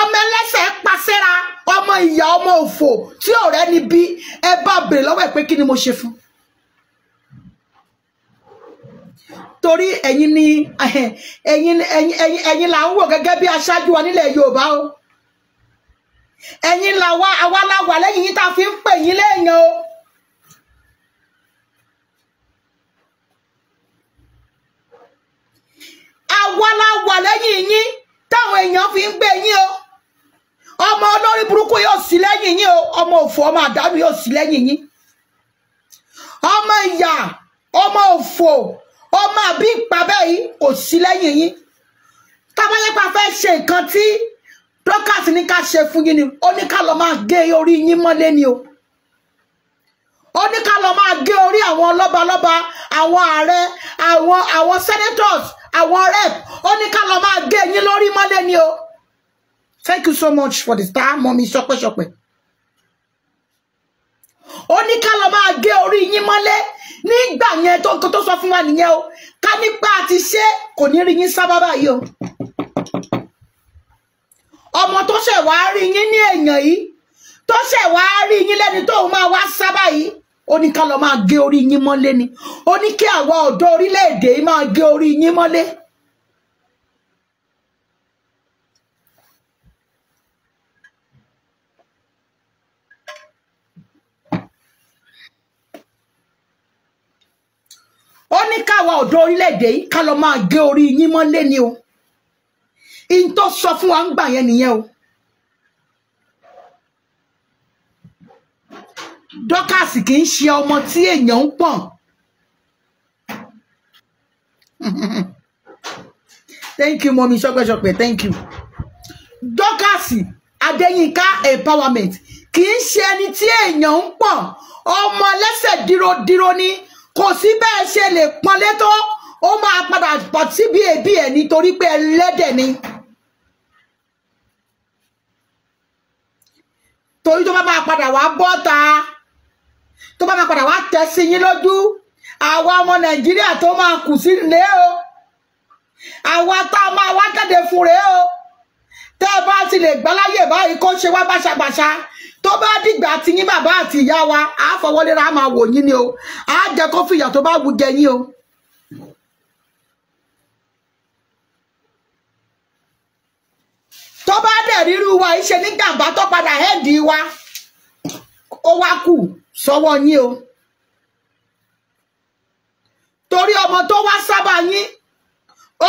ọmọ ẹlẹ́sẹ̀ pasẹra ọmọ ìyá ọmọ òfò tí ọrẹ ni bí ẹ bá bèrè kí ni mo ṣe fún. torí ẹyin ni ẹ̀yin ẹ̀yin ẹ̀yin là ń wò gẹ́gẹ́ bí aṣáájú wa nílẹ̀ Yorùbá o là wá àwa wà àwa la wà lẹ́yìn yín táwọn èèyàn fi ń gbé yín o ọmọ olórí burúkú yóò sí lẹ́yìn yín o ọmọ òfò ọmọ àdánù yóò sí lẹ́yìn yín ọmọ ìyà ọmọ òfò ọmọ àbí ìpàbẹ́ yìí kò sí lẹ́yìn yín tábáyépa fẹ́ ṣe nǹkan tí dọ́kàtì ní ká ṣe fún yín ni ó ní ká lọ máa gé orí yín mọ́lé ni o ó ní ká lọ máa gé orí àwọn lọ́balọ́ba àwọn ààrẹ àwọn àwọn senators àwọn rep ó ní ká lọ máa gé yín lórí mọ́lẹ̀ ni o thank you so much for the star mọ́mí ṣọpẹ́ṣọpẹ́ ó ní ká lọ máa gé orí yín mọ́lẹ̀ nígbà yẹn tó nǹkan tó sọ fún wa nìyẹn o ká nípa àti ṣe kò ní rí yín sábà báyìí o ọmọ tó ṣẹ̀ wá rí yín ní èèyàn yìí tó ṣẹ̀ wá rí yín lẹ́ni tó máa wá sábà yìí ó ní ká lọ máa gé orí yín mọ́lé ni ó ní kí àwa ọ̀dọ́ orílẹ̀-èdè yìí máa gé orí yín mọ́lé. ó ní káwa ọ̀dọ́ orílẹ̀-èdè yìí ká lọ máa gé orí yín mọ́lé ni o. ìyìn tó sọ fún wa ń gbà yẹn nìyẹn o. Dorcas kì í ṣe ọmọ tí èèyàn ń pọ̀n. thank you mọ́mí ṣọ́pẹ́ṣọpẹ́ thank you. Dorcas Adéyínká empowerment kì í ṣe ẹni tí èèyàn ń pọ̀n ọmọ lẹ́sẹ̀ dírodíro ni kò sí bẹ́ẹ̀ ṣe lè pọ́nlé tó ó máa padà pọ̀ síbi èbí ẹ̀ nítorí pé ẹlẹ́dẹ̀ ni. torí tó bá máa padà wá bọ́ta tó bá máa padà wá tẹ̀ sí yín lójú àwa ọmọ nàìjíríà tó máa kù sí rèé o àwa tá a máa wá jáde fún rèé o tẹ́ ẹ bá ti lè gbáláyè báyìí kó ṣe wá báṣabàṣa tó bá dìgbà tí yín bàbá àti ìyá wa á fọwọ́lera á máa wò yín ni o á jẹ kó fìyà tó bá wù jẹ yín o. tó bá dẹ̀ rírú wa ìṣe nígbàgbá tó padà hẹ́ẹ̀dì wa ó wá kù sọ́wọ́ yín o torí ọmọ tó wá sábà yín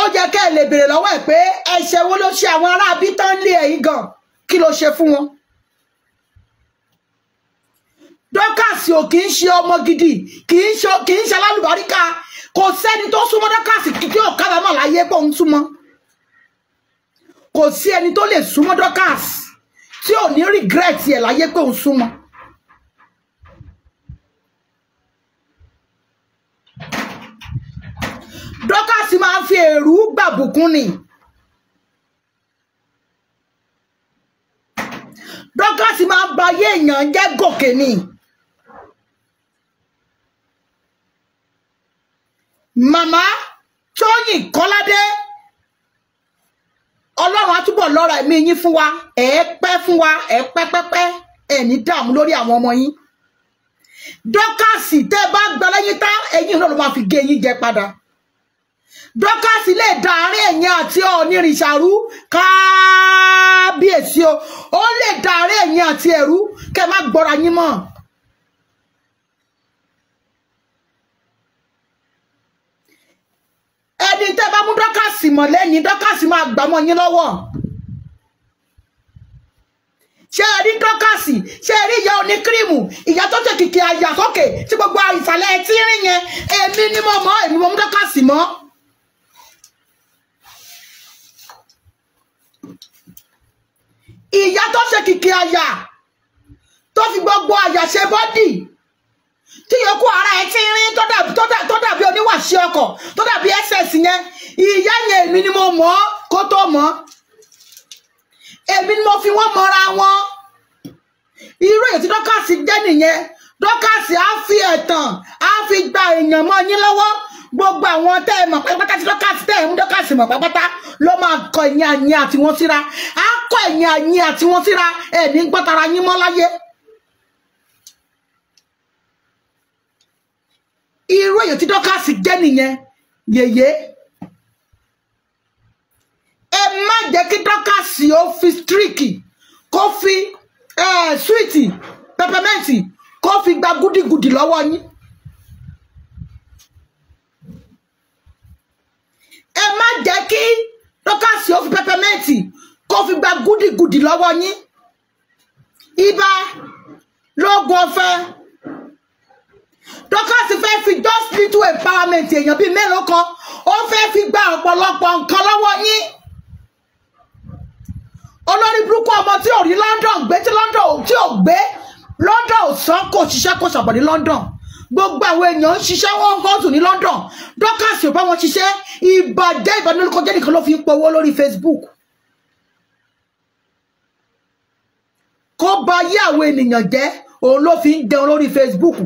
ó jẹ́ kẹ́ ẹ lè béèrè lọ́wọ́ ẹ̀ pé ẹ̀ṣẹ̀ wo ló ṣe àwọn aráabí tán lé ẹ̀yìn gan kí ló ṣe fún wọn. dọ́kàsì ò kì í ṣe ọmọ gidi kì í ṣe kì í ṣe alálùbáríkà kò sẹ́ni tó súnmọ́ dọ́kàsì kìkì ọ̀kadàmọ̀ láyé pọ̀ ń súnmọ́ kò sí ẹni tó lè súnmọ́ dọ́kàsì tí ò ní regret ẹ̀ láyé pé òun súnmọ́. dọ́kàsì máa fi èrú gbàbùkún ni dọ́kàsì máa ba ayé èèyàn jẹ́ gòkè ni màmá tóyìn kọ́ládé ọlọ́run á túbọ̀ lọ́ra ẹ̀mí yín fún wa ẹ̀ pẹ́ fún wa ẹ̀ pẹ́pẹ́pẹ́ ẹ̀ ní dààmú lórí àwọn ọmọ yín dọ́kàsì tẹ́ bá gbalẹ́yìn tá ẹ̀yìn náà ló máa fi gé yín jẹ padà. Dorcas lè dàárín ẹ̀yin àti onírìṣàrú kábíyèsí o ó lè dàárín ẹ̀yin àti ẹ̀rú kẹ́ má gbọ́ra yín mọ́. ẹni tẹ́ bá mú Dorcas mọ̀ lẹ́yìn Dorcas máa gbà mọ́ yín lọ́wọ́ ṣé ẹ rí Dorcas ṣé ẹ rí ìyá oníkírìmù ìyá tó tẹ kìkì àyà sókè tí gbogbo ìsàlẹ̀ ẹ ti rìn yẹn èmi ni mo mọ̀ èmi mo mú Dorcas mọ́. ìyá tó ṣe kìkì àyà tó fi gbogbo àyà ṣe bọ́dì tí yòókù ara ẹ ti rín tó dàbí oníwàṣí ọkọ̀ tó dàbí ss yẹn ìyá yẹn èmi ni mo mọ̀ ọ́ kó tó mọ̀ ọ́ èmi ni mo fi wọ́n mọ́ra wọn irú èyí tí dọ́kàsì jẹ́ nìyẹn dọ́kàsì á fi ẹ̀tàn á fi gba èèyàn mọ́ yín lọ́wọ́ gbogbo àwọn tẹ́ ẹ mọ̀ pátápátá tí dọ́kàsì tẹ́ ẹ mú dọ́kàsì mọ̀ pátápátá ló máa kọ ẹ̀yìn àyìn àti wọn síra á kọ ẹ̀yìn àyìn àti wọn síra ẹ̀ ní gbọ́tara yín mọ́ láyé. irú èyí tí dọ́kàsì jẹ́ nìyẹn yèyé ẹ má jẹ́ kí dọ́kàsì ó fi stíríkì kó fi eh, súwìtì pẹpẹmẹ́ǹtì kó fi gba gúdígúdí lọ́wọ́ yín. ẹ má jẹ́ kí lọ́kàsí ó fi pẹpẹmẹ́ǹtì kó fi gba gúdìgúdì lọ́wọ́ yín ibà lóògùn ọ̀fẹ́ lọ́kàsí fẹ́ fi just little empowerment èèyàn bíi mélòó kan ó fẹ́ fi gba ọ̀pọ̀lọpọ̀ nǹkan lọ́wọ́ yín olórí burúkú ọmọ tí ò rí London gbé tí London tí ò gbé London ò sàn kò ṣiṣẹ́ kò ṣàbọ̀ ní London gbogbo àwọn èèyàn ń ṣiṣẹ́ wọ́n hustle ní London dọ́kàsì ò bá wọn ṣiṣẹ́ ìbàjẹ́ ìbànújẹ́ nìkan ló fi ń pọwọ́ lórí Facebook kó bà yé àwọn ènìyàn jẹ́ òun ló fi ń jẹun lórí Facebook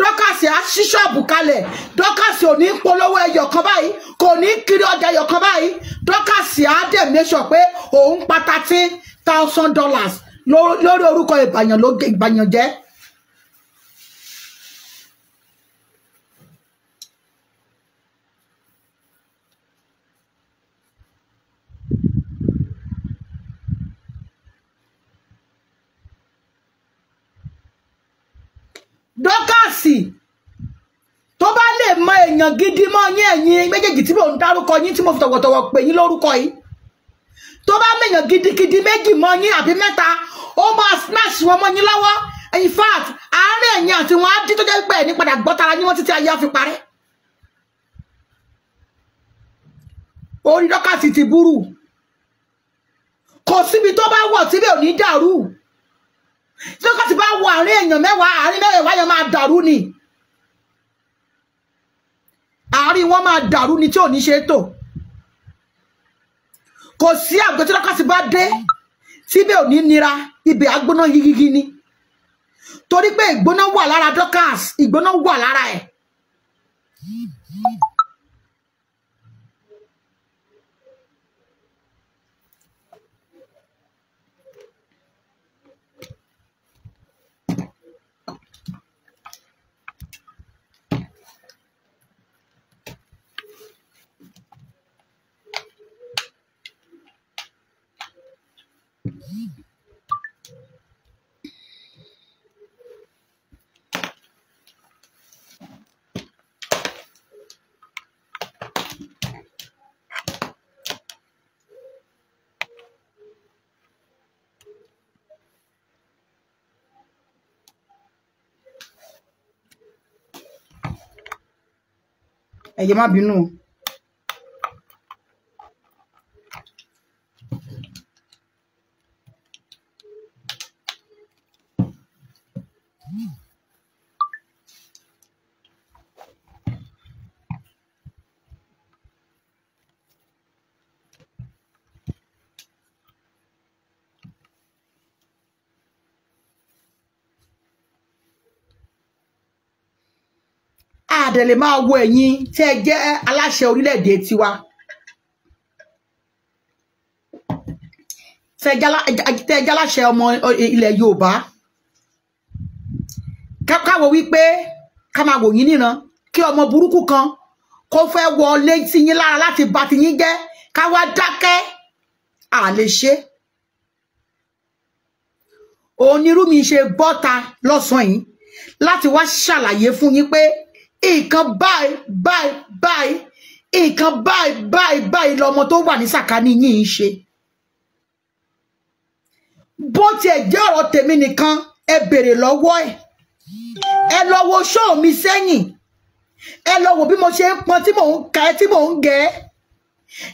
dọ́kàsì á ṣí ṣọ́ọ̀bù kalẹ̀ dọ́kàsì ò ní polówó ẹyọ kan báyìí kò ní kiri ọjà ẹyọ kan báyìí dọ́kàsì á dẹ̀ mẹ́sọ̀ pé òun pa thirteen thousand dollars lórí orúkọ ìbàyàn dọ́kàsì tó bá lè mọ èèyàn gidi mọ́ yín ẹ̀yin méjèèjì tí mò ń dárúkọ yín tí mo fi tọ̀wọ̀tọ̀wọ̀ pè yín lórúkọ yìí tó bá mèèyàn gidigidi méjì mọ́ yín àbí mẹ́ta ó máa smash wọn mọ́ yín lọ́wọ́ in fact àárín ẹ̀yin àti wọn á dín tó jẹ́ pé ẹ̀yin padà gbọ́ tara yín wọ́n títí ayé á fi parẹ́ orí dọ́kàsì ti burú kò síbi tó bá wọ̀ síbẹ̀ ò ní dàrú tí wọ́n ti bá wọ àárín èèyàn mẹ́wàá àárín mẹ́wàá yẹn máa dàrú ni àárín wọn máa dàrú ni tí ò ní ṣe tò kò sí àgbẹ̀ tí lọ́kàtí bá dé síbẹ̀ ò ní nira ibẹ̀ agbóná yigigi ni torí pé ìgbóná wà lára Dorcas ìgbóná wà lára ẹ̀ ẹ̀jẹ̀ má bínú o. àdẹ̀lẹ̀ máa wo ẹ̀yin tí ẹ jẹ́ aláṣẹ orílẹ̀-èdè tiwa tẹ jáláṣẹ ọmọ ilẹ̀ Yorùbá káwọ wípé ká máa wò yín níran kí ọmọ burúkú kan kó fẹ́ wọlé sí yín lára láti bà ti yín jẹ́ ká wá dákẹ́ à lè ṣe onírú mi ṣe bọ́ta lọ́sàn-án yìí láti wá ṣàlàyé fún yín pé nǹkan báyìí báyìí báyìí nǹkan báyìí báyìí báyìí lọmọ tó wà ní sàkání yìí ń ṣe bó tiẹ̀ jẹ́ ọ̀rọ̀ tèmi nìkan ẹ bèrè lọ́wọ́ ẹ̀ ẹ lọ wo ṣóò mi sẹ́yìn ẹ lọ wo bí mo ṣe ń pọn tí mò ń ka ẹ tí mò ń gẹ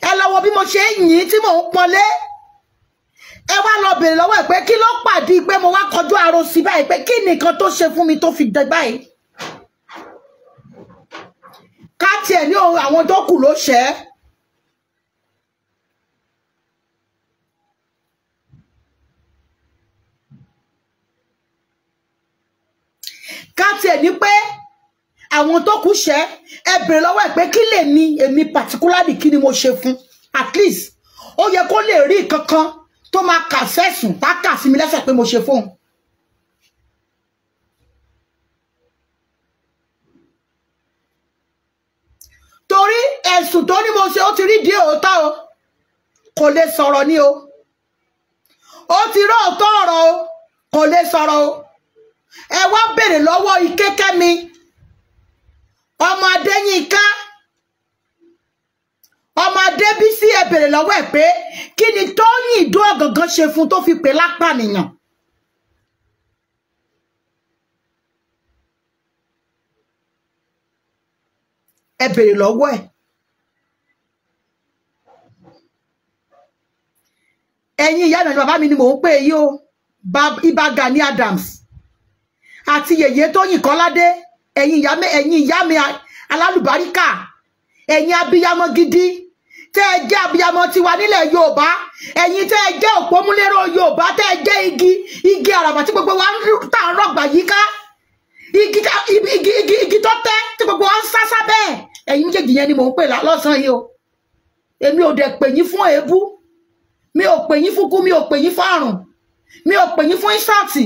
ẹ lọ wo bí mo ṣe ń yìn tí mò ń pọnlé ẹ wá lọ bèrè lọ́wọ́ ẹ̀ pé kí ló pàdé pé mo wá kọjú àròsí báyìí pé kí nìkan tó ṣe fún mi tó fi dẹ báyìí tiẹ̀ ní àwọn tó kù ló ṣẹ́ ká tiẹ̀ ní pé àwọn tó kù ṣẹ́ ẹ bèrè lọ́wọ́ ẹ̀ pé kí lè mi èmi particularly kí ni mo ṣe fún at least ó yẹ kó lè rí kankan tó máa kà sẹ́sùn tá kà sí mi lẹ́sẹ̀ pé mo ṣe fóun. ẹ̀sùn tó ní mo ṣe ó ti rí díẹ̀ òótọ́ o kò lè sọ̀rọ̀ ni o ó ti rí òótọ́ ọ̀rọ̀ o kò lè sọ̀rọ̀ o ẹ wá bèrè lọ́wọ́ ikékẹ́mi ọmọ adéyínká ọmọ adébísí ẹ bèrè lọ́wọ́ ẹ̀ pé kí ni tóyìn ìdó ọ̀gàngán ṣe fún tó fi pè lápá nìyàn. ẹ bèrè lọ́wọ́ ẹ̀ ẹ̀yin ìyá ìrìnàjò bàbá mi ni mò ń pè yí o Ìbà Gani Adams àti yèyé Tóyìn Kọ́ládé ẹ̀yin ìyá mi ẹ̀yin ìyá mi alálùbáríkà ẹ̀yin abiyamọ gidi tẹ́ ẹ jẹ́ abiyamọ tiwa nílẹ̀ Yorùbá ẹ̀yin tẹ́ ẹ jẹ́ òpómúlérò Yorùbá tẹ́ ẹ jẹ́ igi igi àràbà tí gbogbo wa tá à ń rọ̀gbà yíká igi igi igi igi tó tẹ́ tí gbogbo wa ń sá sábẹ́ ẹ̀yin méjèèjì yẹn ni mò ń pè lọ́sàn-án yìí o èmi ò dẹ̀ pè yín fún èébú mi ò pè yín fúnkú mi ò pè yín fárùn mi ò pè yín fún ìṣàtì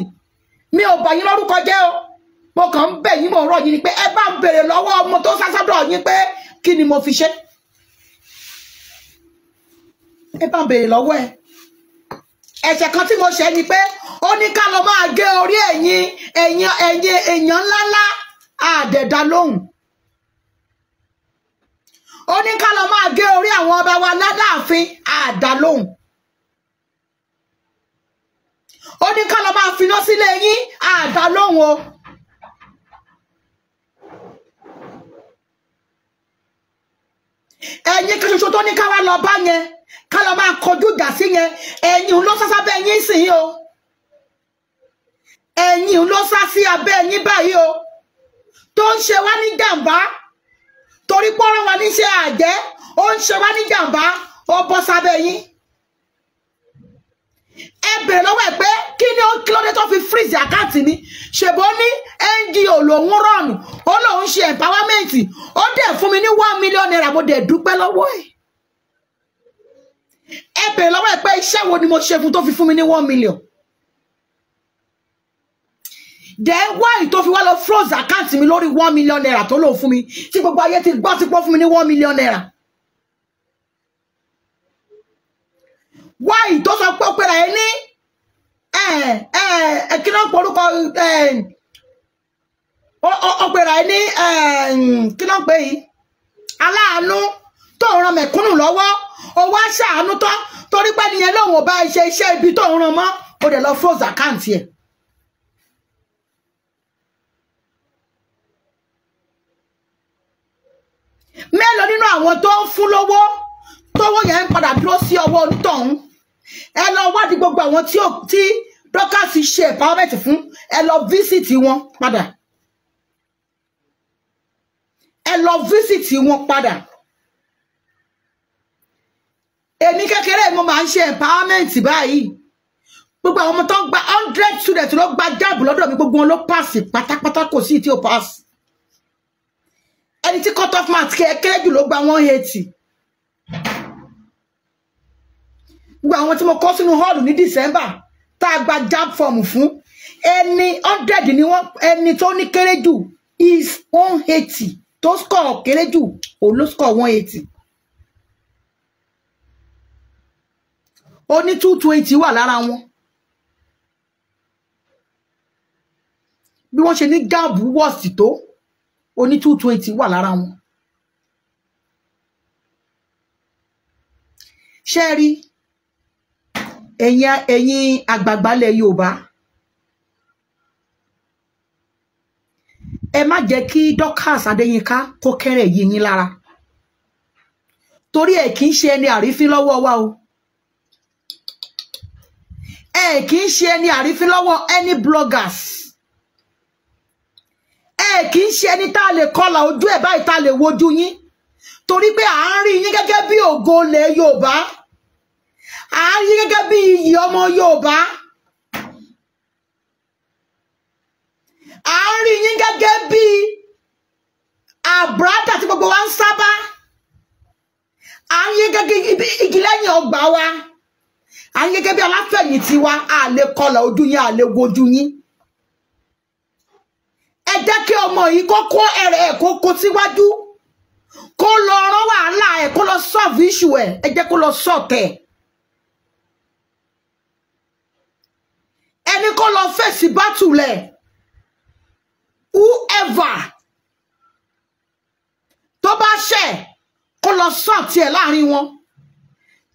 mi ò bà yín lórúkọ jẹ́ o mo kàn ń bẹ̀ yín mo rọ̀ yín ni pé ẹ bá ń bèrè lọ́wọ́ ọmọ tó sásọ́dọ̀ yín pé kí ni mo fi ṣe ẹ bá ń bèrè lọ́wọ́ ẹ ẹ̀ṣẹ̀ kan tí mo ṣẹ̀ ni pé ó ní ká lọ máa gé orí ẹ̀yin ẹ̀yin ẹ̀yin èèyàn ńláńlá àdẹ̀dá lóhùn ó ní ká lọ máa gé orí àwọn ọba wa ládàáfin àdá lóhùn ó ní ká lọ máa finá sílé yín àdá lóhùn o. ẹ̀yin kan ṣoṣo tó ní ká wá lọ bá yẹn ká lọ máa kọjú ìjà sí yẹn ẹ̀yin ló sá sábẹ́ yín sí yìí o ẹ̀yin ló sá sí abẹ́ yín báyìí o tó ń ṣe wá ní jàǹbá torí pọ́nrán wa níṣẹ́ àjẹ́ ó ń ṣe wá ní jàǹbá ó bọ́ sábẹ́ yín ẹ bèrè lọ́wọ́ ẹ̀ pé kí ni ó kí ló tó fi freeze àkáǹtì ni. ṣèbó ní ngo lòún rọ̀nù ó lòún ṣe empowerment ó dẹ̀ fún mi ní one million naira mo dẹ̀ dúpẹ́ lọ́wọ́ ẹ̀ ẹ bèrè lọ́wọ́ ẹ̀ pé iṣẹ́ wo ni mo ṣe fún tó fi fún mi ní one million then why tó fi wá lọ froze àkáǹtì mi lórí one million naira tó lò fún mi tí gbogbo ayé ti gbọ́ ti fún mi ní one million naira. why tó sọ pé ó pera ẹ ní kí ló ń porúkọ ó pera ẹ ní kí ló ń pè yìí aláàánú tó ń ran mẹ̀kúnnù lọ́wọ́ ó wá ṣàánú tán torí pé nìyẹn lòun ò bá ṣe iṣẹ́ ibi tó ń ran mọ́ ó dẹ̀ lọ froze àkáǹtì ẹ̀. mélòó nínú àwọn tó ń fún lówó tówó yẹn ń padà dúró sí ọwọ́ onítọ̀hún ẹ lọ wádìí gbogbo àwọn tí ò tí Dorkas ṣe empowerment fún ẹ lọ visit wọn padà ẹ lọ visit wọn padà èmi kékeré mo máa ń ṣe empowerment báyìí gbogbo àwọn ọmọ tó ń gba hundred students ló gba jáàbù lọ́dọ̀ mi gbogbo wọn ló pààsì pátápátá kò sí ti ó pààsì ẹni tí cut off mark kékeré jù ló gba one eighty gbogbo àwọn tí mo kọ́ sínú hall ní December tá a gba jab form fún ẹni hundred ni wọ́n ẹni tó ní kéré jù is one eighty tó score kéré jù òun ló score one eighty. ó two twenty wà lára wọn bí wọ́n ṣe ní gáàbù wọ́ọ̀sì tó ó ní two twenty wà lára wọn. ṣé rí ẹ̀yin ẹ̀yin àgbàgbàlẹ̀ Yorùbá ẹ má jẹ́ kí Dorcas Adéyínká kó kẹ́rẹ̀ yí yín lára torí ẹ kì í ṣe ẹni àrífín lọ́wọ́ wa o ẹ kì í ṣe ẹni àrífín lọ́wọ́ any bloggers ẹ kì í ṣe ẹni tá a lè kọlà ojú ẹ̀ báyìí tá a lè wojú yín torí pé à ń rí yín gẹ́gẹ́ bí ògo ilẹ̀ Yorùbá à ń yí gẹ́gẹ́ bí iyì ọmọ Yorùbá à ń rí yín gẹ́gẹ́ bí àbúrádà tí gbogbo wa ń sábà à ń yí gẹ́gẹ́ bí igi lẹ́yìn ọgbà wa à ń yí gẹ́gẹ́ bí aláfẹ̀yìntì wa à lè kọlà ojú yín à lè wojú yín ẹ jẹ́ kí ọmọ yìí kó kó ẹrẹ̀ ẹ̀ kó kó síwájú kó lọ rán wàhálà ẹ̀ kó lọ sọ́ọ̀fù iṣu ẹ̀ ẹ jẹ́ kó lọ sọ́ọ̀tẹ̀ kó lọ fèsì bátùlẹ̀ whoever tó bá ṣẹ̀ kó lọ sàn tiẹ̀ láàrin wọn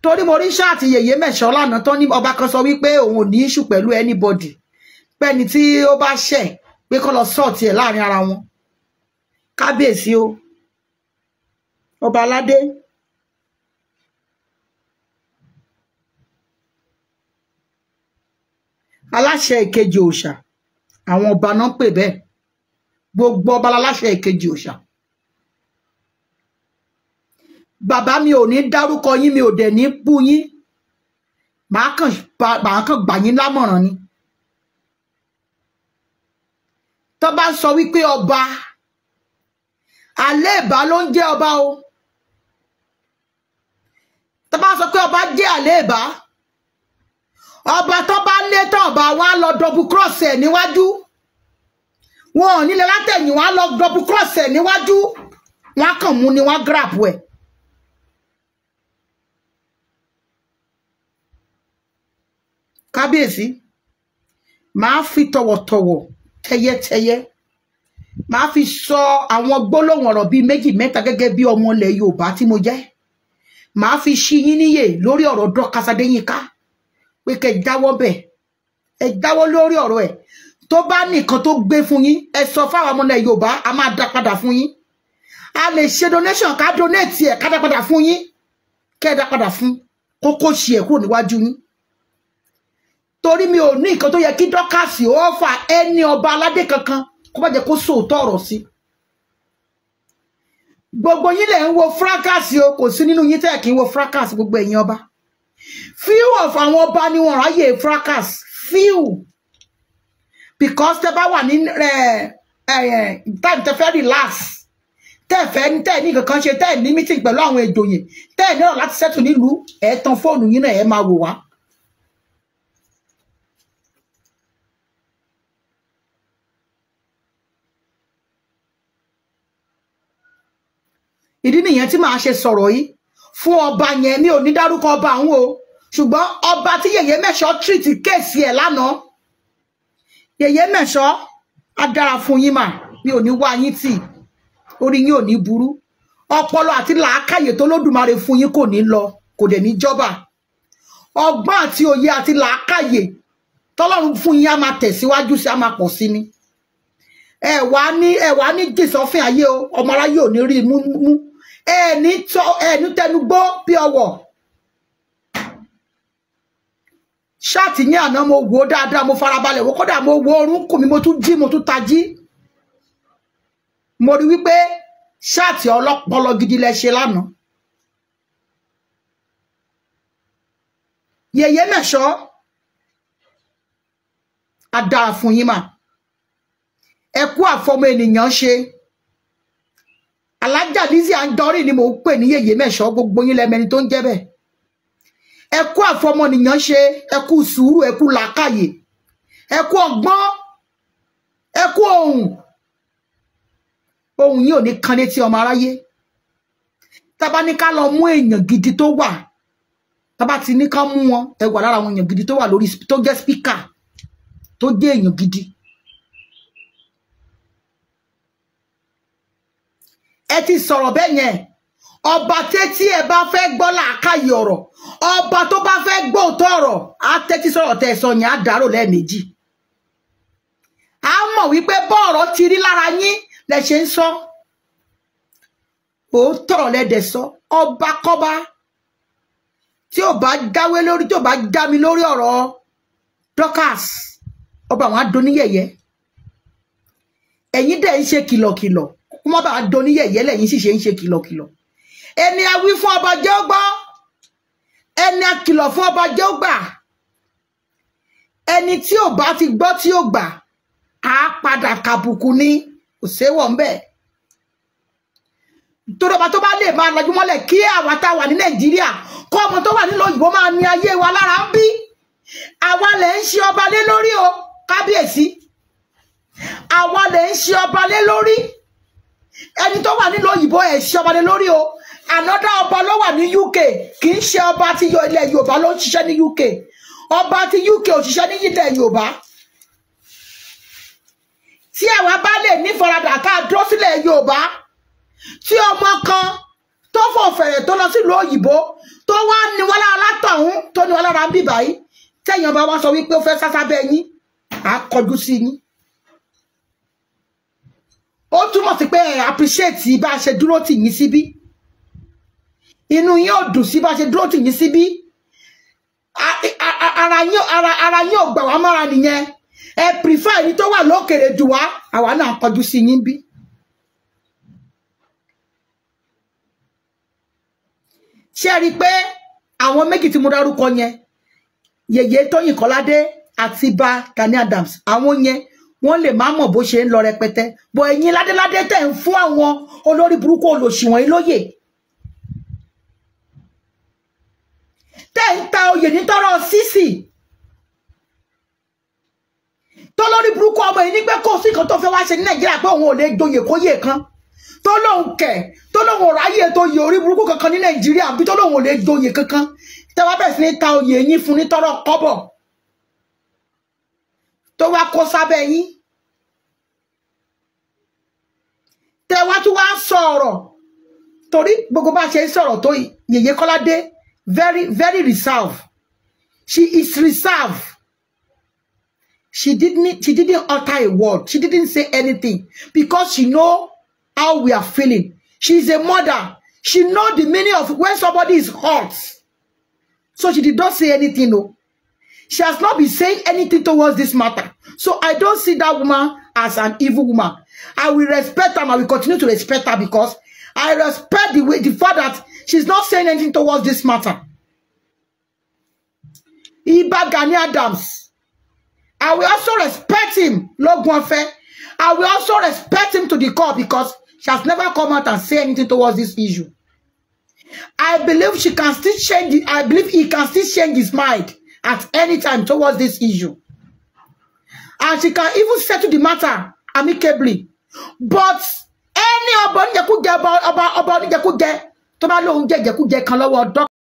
torí mo rí ṣáàtì yèyé mẹ́ṣọ́ lánàá tán ní kan sọ wípé òun ò ní ìṣù pẹ̀lú anybody pẹ́ni tí ó bá ṣẹ̀ pé kó lọ sàn tiẹ̀ láàrin ara wọn kábíyèsí o ọba aládé. aláṣẹ ìkejì òòṣà àwọn ọba náà pè bẹ́ẹ̀ gbogbo ọba aláṣẹ ìkejì òòṣà bàbá mi ò ní dárúkọ yín mi ò dẹ̀ ní bú yín màá kàn gbà yín lámọ̀ràn ni tó bá sọ wípé ọba alẹ́ ìbá ló ń jẹ́ ọba o tó bá sọ pé ọba jẹ́ alẹ́ ìbá ọba tó bá lé tán ọba wa lọ double cross ẹ̀ níwájú wọn ò nílẹ̀ látẹ̀yìn lọ double cross ẹ̀ níwájú wọn kàn mú ni wọn grab ẹ̀. kábíyèsí màá fi tọ̀wọ̀tọ̀wọ̀ tẹ́yẹ́tẹ́yẹ́ màá fi sọ àwọn gbólóhùn ọ̀rọ̀ bíi méjì mẹ́ta gẹ́gẹ́ bí ọmọ ilẹ̀ Yorùbá tí mo jẹ́ màá fi ṣí yín níyè lórí ọ̀rọ̀ dọ́kasadéyìnká pé kẹ́ jáwọ́ bẹ̀ ẹ jáwọ́ lórí ọ̀rọ̀ ẹ̀ tó bá nìkan tó gbé fún yín ẹ sọ fáwọn ọmọ náà Yorùbá a máa dá padà fún yín a lè ṣe donation ká donate ẹ̀ ká dá padà fún yín kẹ́ ẹ dá padà fún kókó ṣe ẹ̀ kúrò níwájú yín torí mi ò ní nǹkan tó yẹ kí dọ́kàsì ó fà ẹni ọba aládé kankan kó má jẹ́ kó sòótọ́ ọ̀rọ̀ sí gbogbo yín lẹ̀ ń wo fracas o kò sí nínú yín tẹ́ kí ń wo fracas gbogbo ẹ̀yin ọba few of àwọn ọba ni wọ́n ráyè fracas few because tẹ bá wà ní time tẹ fẹ́ relax tẹ fẹ́ tẹ ní kankan ṣe tẹ ní meeting pẹ̀lú àwọn ìjòyè tẹ ní ọ̀rọ̀ láti settle nílùú ẹ̀ tan fóònù yín náà ẹ̀ máa wò wá. ìdí nìyẹn tí màá ṣe sọ̀rọ̀ yìí fún ọba yẹn mi ò ní dárúkọ ọba àwọn o ṣùgbọ́n ọba tí yèyé mẹ́ṣọ́ tírìtì kéèsì ẹ̀ lánàá yèyé mẹ́ṣọ́ á dára fún yín mà mi ò ní wá yín tì orí yín ò ní burú ọpọlọ àti làákàyè tó lódùmarè fún yín kò ní lọ kò dẹ̀ ní jọba ọgbọ́n àti òye àti làákàyè tọ́lọ́run fún yín á máa tẹ̀síwájú sí á máa pọ̀ sí ni ẹ wá ní ẹ wá ní jìsọ́fín ayé o ọmọ aráyé ò ní rí mú mú ẹ ní tẹnugbó bí ọwọ́ ṣáàtì yẹn àná mo wò ó dáadáa mo farabalẹ̀ wò kódà mo wo orúnkún mi mo tún jí mo tún tají mo rí wípé ṣáàtì ọlọ́pọlọ gidi lẹ ṣe lánàá. yèyé mẹ́ṣọ́ adáàfún yín mà ẹ àfọmọ ènìyàn ṣe alájà Lizzy Anjorin ni mo ń pè ní yèyé mẹ́ṣọ́ gbogbo yín lẹ́mẹni tó ń jẹ́ bẹ́ẹ̀ ẹ kú àfọmọnìyàn ṣe ẹ kú sùúrù ẹ kú làákàyè ẹ kú ọgbọ́n ẹ kú ohùn ohùn yìí ò ní kan létí ọmọ aráyé tábà ní ká lọ mú èèyàn gidi tó wà tábà ti ní ká mú wọn ẹ lára àwọn èèyàn gidi tó wà lórí tó jẹ́ spíkà tó jẹ́ èèyàn gidi. ẹ ti sọ̀rọ̀ bẹ́ẹ̀ yẹn ọba tẹ́tí ẹ bá fẹ́ gbọ́ làákàyè ọ̀rọ̀ ọba tó bá fẹ́ gbọ́ òótọ́ ọ̀rọ̀ á tẹ́tí sọ̀rọ̀ tẹ́ sọ yẹn á dárò lẹ́ẹ̀mejì á mọ̀ wípé bọ́ọ̀rọ̀ ti rí lára yín lẹ ṣe ń sọ òótọ́ lẹ́dẹ̀ sọ ọba kọ́ba tí ò bá dáwé lórí tí ò bá dá mi lórí ọ̀rọ̀ Dorkas ọba àwọn adoníyẹ̀yẹ́ ẹ̀yin dẹ̀ ń ṣe kìlọ̀kìlọ̀ wọ́n bá adoníyẹ̀yẹ́ lẹ́yìn sì ṣe ń ṣe kìlọ̀kìlọ̀ ẹni a wí fún ọba jẹ́ ó gbọ́ ẹni a kìlọ̀ fún ọba jẹ́ ó gbà ẹni tí ò bá ti gbọ́ tí ò gbà á padà kàbùkù ní òṣèwọ̀ ń bẹ̀ torí ọba tó bá lè máa lajú mọ́lẹ̀ kí àwa tá a wà ní nàìjíríà kọ́ ọmọ tó wà nílò òyìnbó máa ní ayé wa lára ń bí àwa lè ń ṣe ọba lé lórí o kábíyèsí àwa lè ń ṣe ọba lé lórí ẹni tó wà nílò òyìnbó ẹ̀ ṣe ọba lé lórí o another ọba ló wà ní UK kì í ṣe ọba ti ilẹ̀ Yorùbá ló ń ṣiṣẹ́ ní UK ọba ti UK ò ṣiṣẹ́ ní ilẹ̀ Yorùbá tí àwa bá lè ní faradà ká dúró sílẹ̀ Yorùbá tí ọmọ kan tó fò fẹ̀rẹ̀ tó lọ sílùú òyìnbó tó wá ní wọn lára látọ̀hún tó ní wọn lára ń bì báyìí tẹ̀yìn ọba wa sọ wípé ó fẹ́ sásábẹ́ yín á kọjú sí yín ó túmọ̀ sí pé appreciate bá a ṣe dúró tì yín síbí. Si inú yín ò dùn sí bá ṣe dúró tì yín síbí ara yín ara ara yín ò gbà wá mọ́ra nìyẹn ẹ prefer ẹni tó wà lókèrè jù wá àwa náà kọjú sí yín bí. ṣé ẹ rí i pé àwọn méjì tí mo dárúkọ yẹn yèyé tóyìn kọ́ládé àti ba Gani Adams àwọn yẹn wọ́n lè má mọ̀ bó ṣe ń lọ rẹpẹtẹ bọ ẹ̀yin ládéládé tẹ́ ń fún àwọn olórí burúkú olòṣìwọn yìí tẹ́ ń ta oyè nítọ́rọ̀ sísì tó lórí burúkú ọmọ yìí ní pé kò sí kan tó fẹ́ wá ṣe ní nàìjíríà pé òun ò lè joyè kóyè kan tó lóun kẹ̀ tó lóun ò ráyè tó yẹ orí burúkú kankan ní nàìjíríà bí tó lóun ò lè joyè kankan tẹ́ wá bẹ̀rẹ̀ sí ní ta oyè yín fún nítọ́rọ̀ kọ́bọ̀ tó wá kó sábẹ́ yín tẹ́ wá tún wá sọ̀rọ̀ torí gbogbo bá ṣe ń sọ̀rọ̀ tó yèyé kọ́ládé very, very reserved. She is reserved. She didn't, she didn't utter a word. She didn't say anything because she know how we are feeling. She is a mother. She know the meaning of when somebody is hurt. So she did not say anything. No. She has not been saying anything towards this matter. So I don't see that woman as an evil woman. I will respect her and I will continue to respect her because I respect the way the fact that She's not saying anything towards this matter. Iba Gani Adams. I will also respect him, Lord Guanfe. I will also respect him to the core because she has never come out and say anything towards this issue. I believe she can still change. I believe he can still change his mind at any time towards this issue. And she can even settle the matter amicably. But any about about about about tó bá lóun jẹjẹkújẹ kan lọ́wọ́ dókítà.